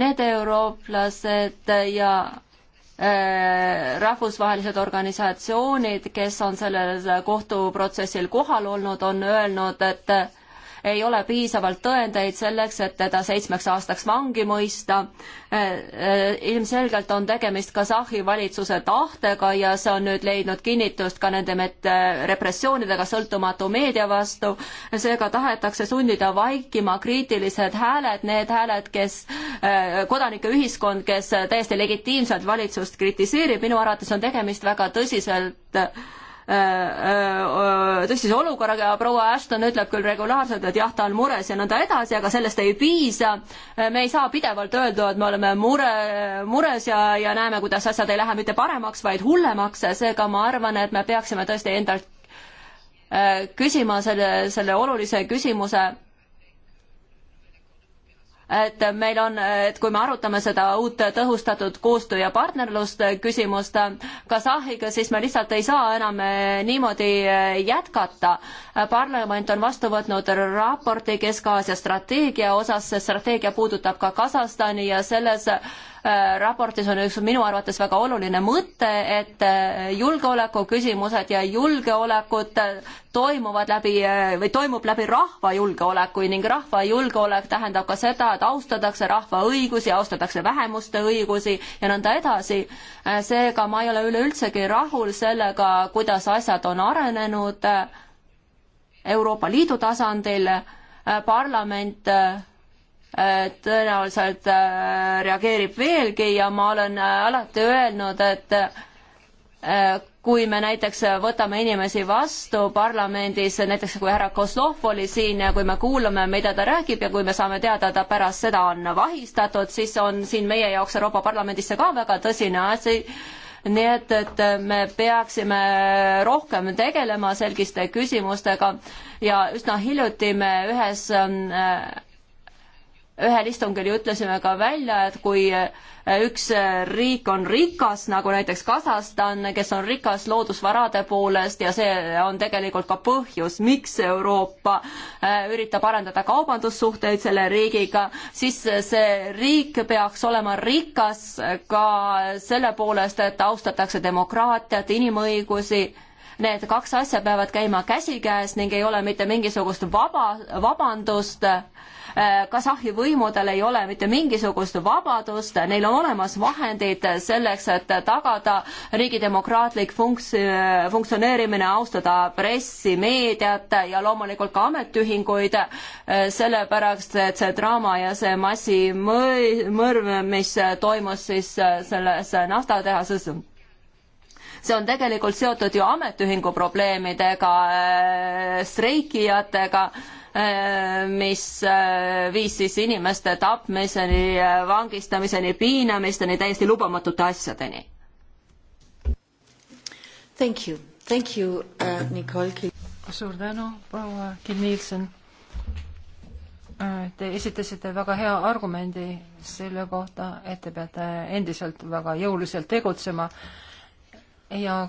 need eurooplased ja äh, rahvusvahelised organisatsioonid, kes on sellel kohtuprotsessil kohal olnud, on öelnud, et ei ole piisavalt tõendeid selleks, et teda seitsmeks aastaks vangi mõista. Äh, äh, ilmselgelt on tegemist Kasahhi valitsuse tahtega ja see on nüüd leidnud kinnitust ka nende repressioonidega sõltumatu meedia vastu. seega tahetakse sundida vaikima kriitilised hääled, need hääled, kes, äh, kodanikeühiskond, kes täiesti legitiimselt valitsust kritiseerib, minu arvates on tegemist väga tõsiselt Äh, äh, äh, tõstis olukorraga ja proua Ashton ütleb küll regulaarselt, et jah, ta on mures ja nõnda edasi, aga sellest ei piisa. me ei saa pidevalt öelda, et me oleme mure, mures ja, ja näeme, kuidas asjad ei lähe mitte paremaks, vaid hullemaks, seega ma arvan, et me peaksime tõesti endalt küsima selle, selle olulise küsimuse et meil on, et kui me arutame seda uut tõhustatud koostöö ja partnerlust küsimust Kasahhiga, siis me lihtsalt ei saa enam eh, niimoodi eh, jätkata. parlament on vastu võtnud raporti Kesk-Aasia strateegia osas, see strateegia puudutab ka Kasahstani ja selles Äh, raportis on üks minu arvates väga oluline mõte, et äh, julgeoleku küsimused ja julgeolekut äh, toimuvad läbi või toimub läbi rahva julgeolekui ning rahva julgeolek tähendab ka seda, et austatakse rahva õigusi, austatakse vähemuste õigusi ja nõnda edasi. seega ma ei ole üleüldsegi rahul sellega, kuidas asjad on arenenud Euroopa Liidu tasandil, parlament Äh, tõenäoliselt äh, reageerib veelgi ja ma olen äh, alati öelnud, et kui me näiteks võtame inimesi vastu parlamendis, näiteks kui härra Kozlov oli siin ja kui me kuulame, mida ta räägib ja kui me saame teada, ta pärast seda on vahistatud, siis on siin meie jaoks Euroopa Parlamendis see ka väga tõsine asi nii et, et me peaksime rohkem tegelema selgiste küsimustega ja üsna hiljuti me ühes ähm, ühel istungil ju ütlesime ka välja, et kui eh, üks eh, riik on rikas, nagu näiteks Kasahstan, kes on rikas loodusvarade poolest ja see on tegelikult ka põhjus, miks Euroopa eh, üritab arendada kaubandussuhteid selle riigiga, siis see riik peaks olema rikas ka selle poolest, et austatakse demokraatiat, inimõigusi need kaks asja peavad käima käsikäes ning ei ole mitte mingisugust vaba, vabandust äh, Äh, Kasahhi võimudel ei ole mitte mingisugust vabadust, neil on olemas vahendid selleks, et tagada riigi demokraatlik funks-, äh, funktsioneerimine, austada pressi, meediat ja loomulikult ka ametiühinguid, äh, sellepärast et see draama ja see massimõrv, mis toimus siis selles naftatehases, see on tegelikult seotud ju ametiühingu probleemidega, streikijatega Äh, mis äh, viis siis inimeste tapmiseni, äh, vangistamiseni, piinamisteni, täiesti lubamatute asjadeni. Thank you, thank you uh,, Nicole. suur tänu, proua Kim Nielsen. Te esitasite väga hea argumendi selle kohta, et te peate endiselt väga jõuliselt tegutsema ja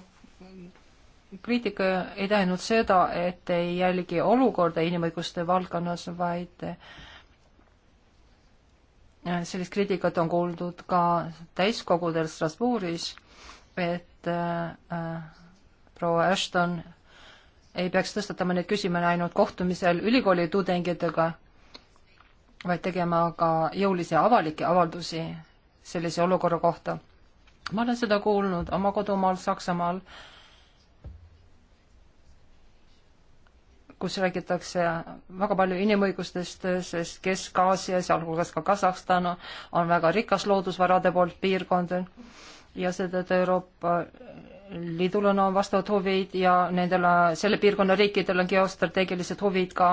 kriitika ei tähendanud seda, et ei jälgi olukorda inimõiguste valdkonnas, vaid äh, sellist kriitikat on kuuldud ka täiskogudel Strasbourgis, et äh, proua Ashton ei peaks tõstatama neid küsimusi ainult kohtumisel ülikooli tudengitega, vaid tegema ka jõulisi avalikke avaldusi sellise olukorra kohta. ma olen seda kuulnud oma kodumaal Saksamaal äh, kus räägitakse väga palju inimõigustest, sest Kesk-Aasia, sealhulgas ka Kasahstan, on väga rikas loodusvarade poolt piirkond ja seetõttu Euroopa Liidul on vastavad huvid ja nendel, selle piirkonna riikidel on geostrateegilised huvid ka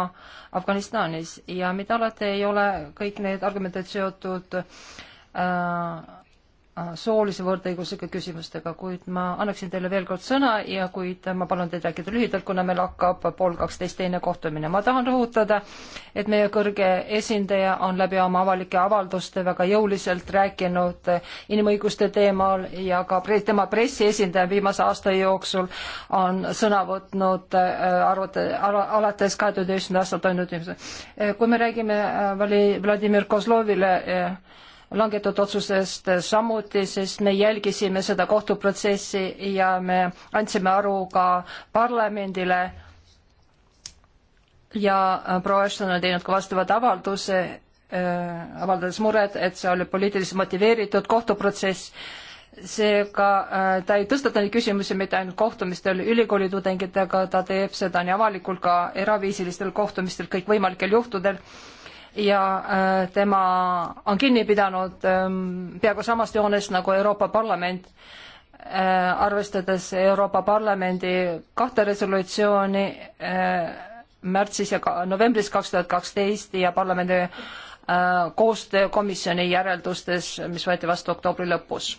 Afganistanis ja mitte alati ei ole kõik need argumendid seotud äh, Äh, soolise võrdõigusega küsimustega, kuid ma annaksin teile veel kord sõna ja kuid ma palun teid rääkida lühidalt, kuna meil hakkab pool kaksteist teine kohtumine. ma tahan rõhutada, et meie kõrge esindaja on läbi oma avalike avalduste väga jõuliselt rääkinud inimõiguste teemal ja ka pre tema pressiesindaja viimase aasta jooksul on sõna võtnud äh, arvate, alates kahe tuhande üheksanda aastal toimunud. Äh, kui me räägime Vladimir Kozlovile langetatud otsusest samuti, sest me jälgisime seda kohtuprotsessi ja me andsime aru ka parlamendile ja proua Ashton on teinud ka vastavad avalduse äh,, avaldades muret, et see oli poliitiliselt motiveeritud kohtuprotsess, seega äh, ta ei tõstata neid küsimusi mitte ainult kohtumistel ülikooli tudengitega, ta teeb seda nii avalikult ka eraviisilistel kohtumistel kõikvõimalikel juhtudel äh,, ja äh, tema on kinni pidanud ähm, peaaegu samast joonest nagu Euroopa Parlament, äh, arvestades Euroopa Parlamendi kahte resolutsiooni äh, märtsis ja novembris kaks tuhat kaksteist ja parlamendi koostöökomisjoni järeldustes, mis võeti vastu oktoobri lõpus.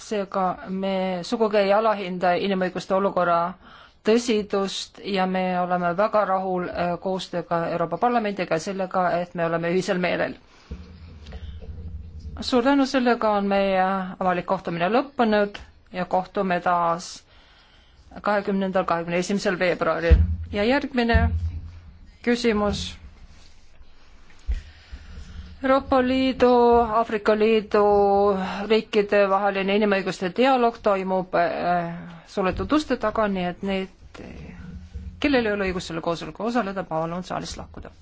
seega me sugugi ei alahinda inimõiguste olukorra äh, tõsidust ja me oleme väga rahul äh, koostööga Euroopa Parlamendiga ja sellega, et me oleme ühisel meelel. suur tänu, sellega on meie avalik kohtumine lõppenud ja kohtume taas kahekümnendal, kahekümne esimesel veebruaril ja järgmine küsimus. Euroopa Liidu, Aafrika Liidu riikide vaheline inimõiguste dialoog toimub äh, suletud uste taga, nii et neid et kellel ei ole õigust sellel koosolekul osaleda, palun saalist lahkuda.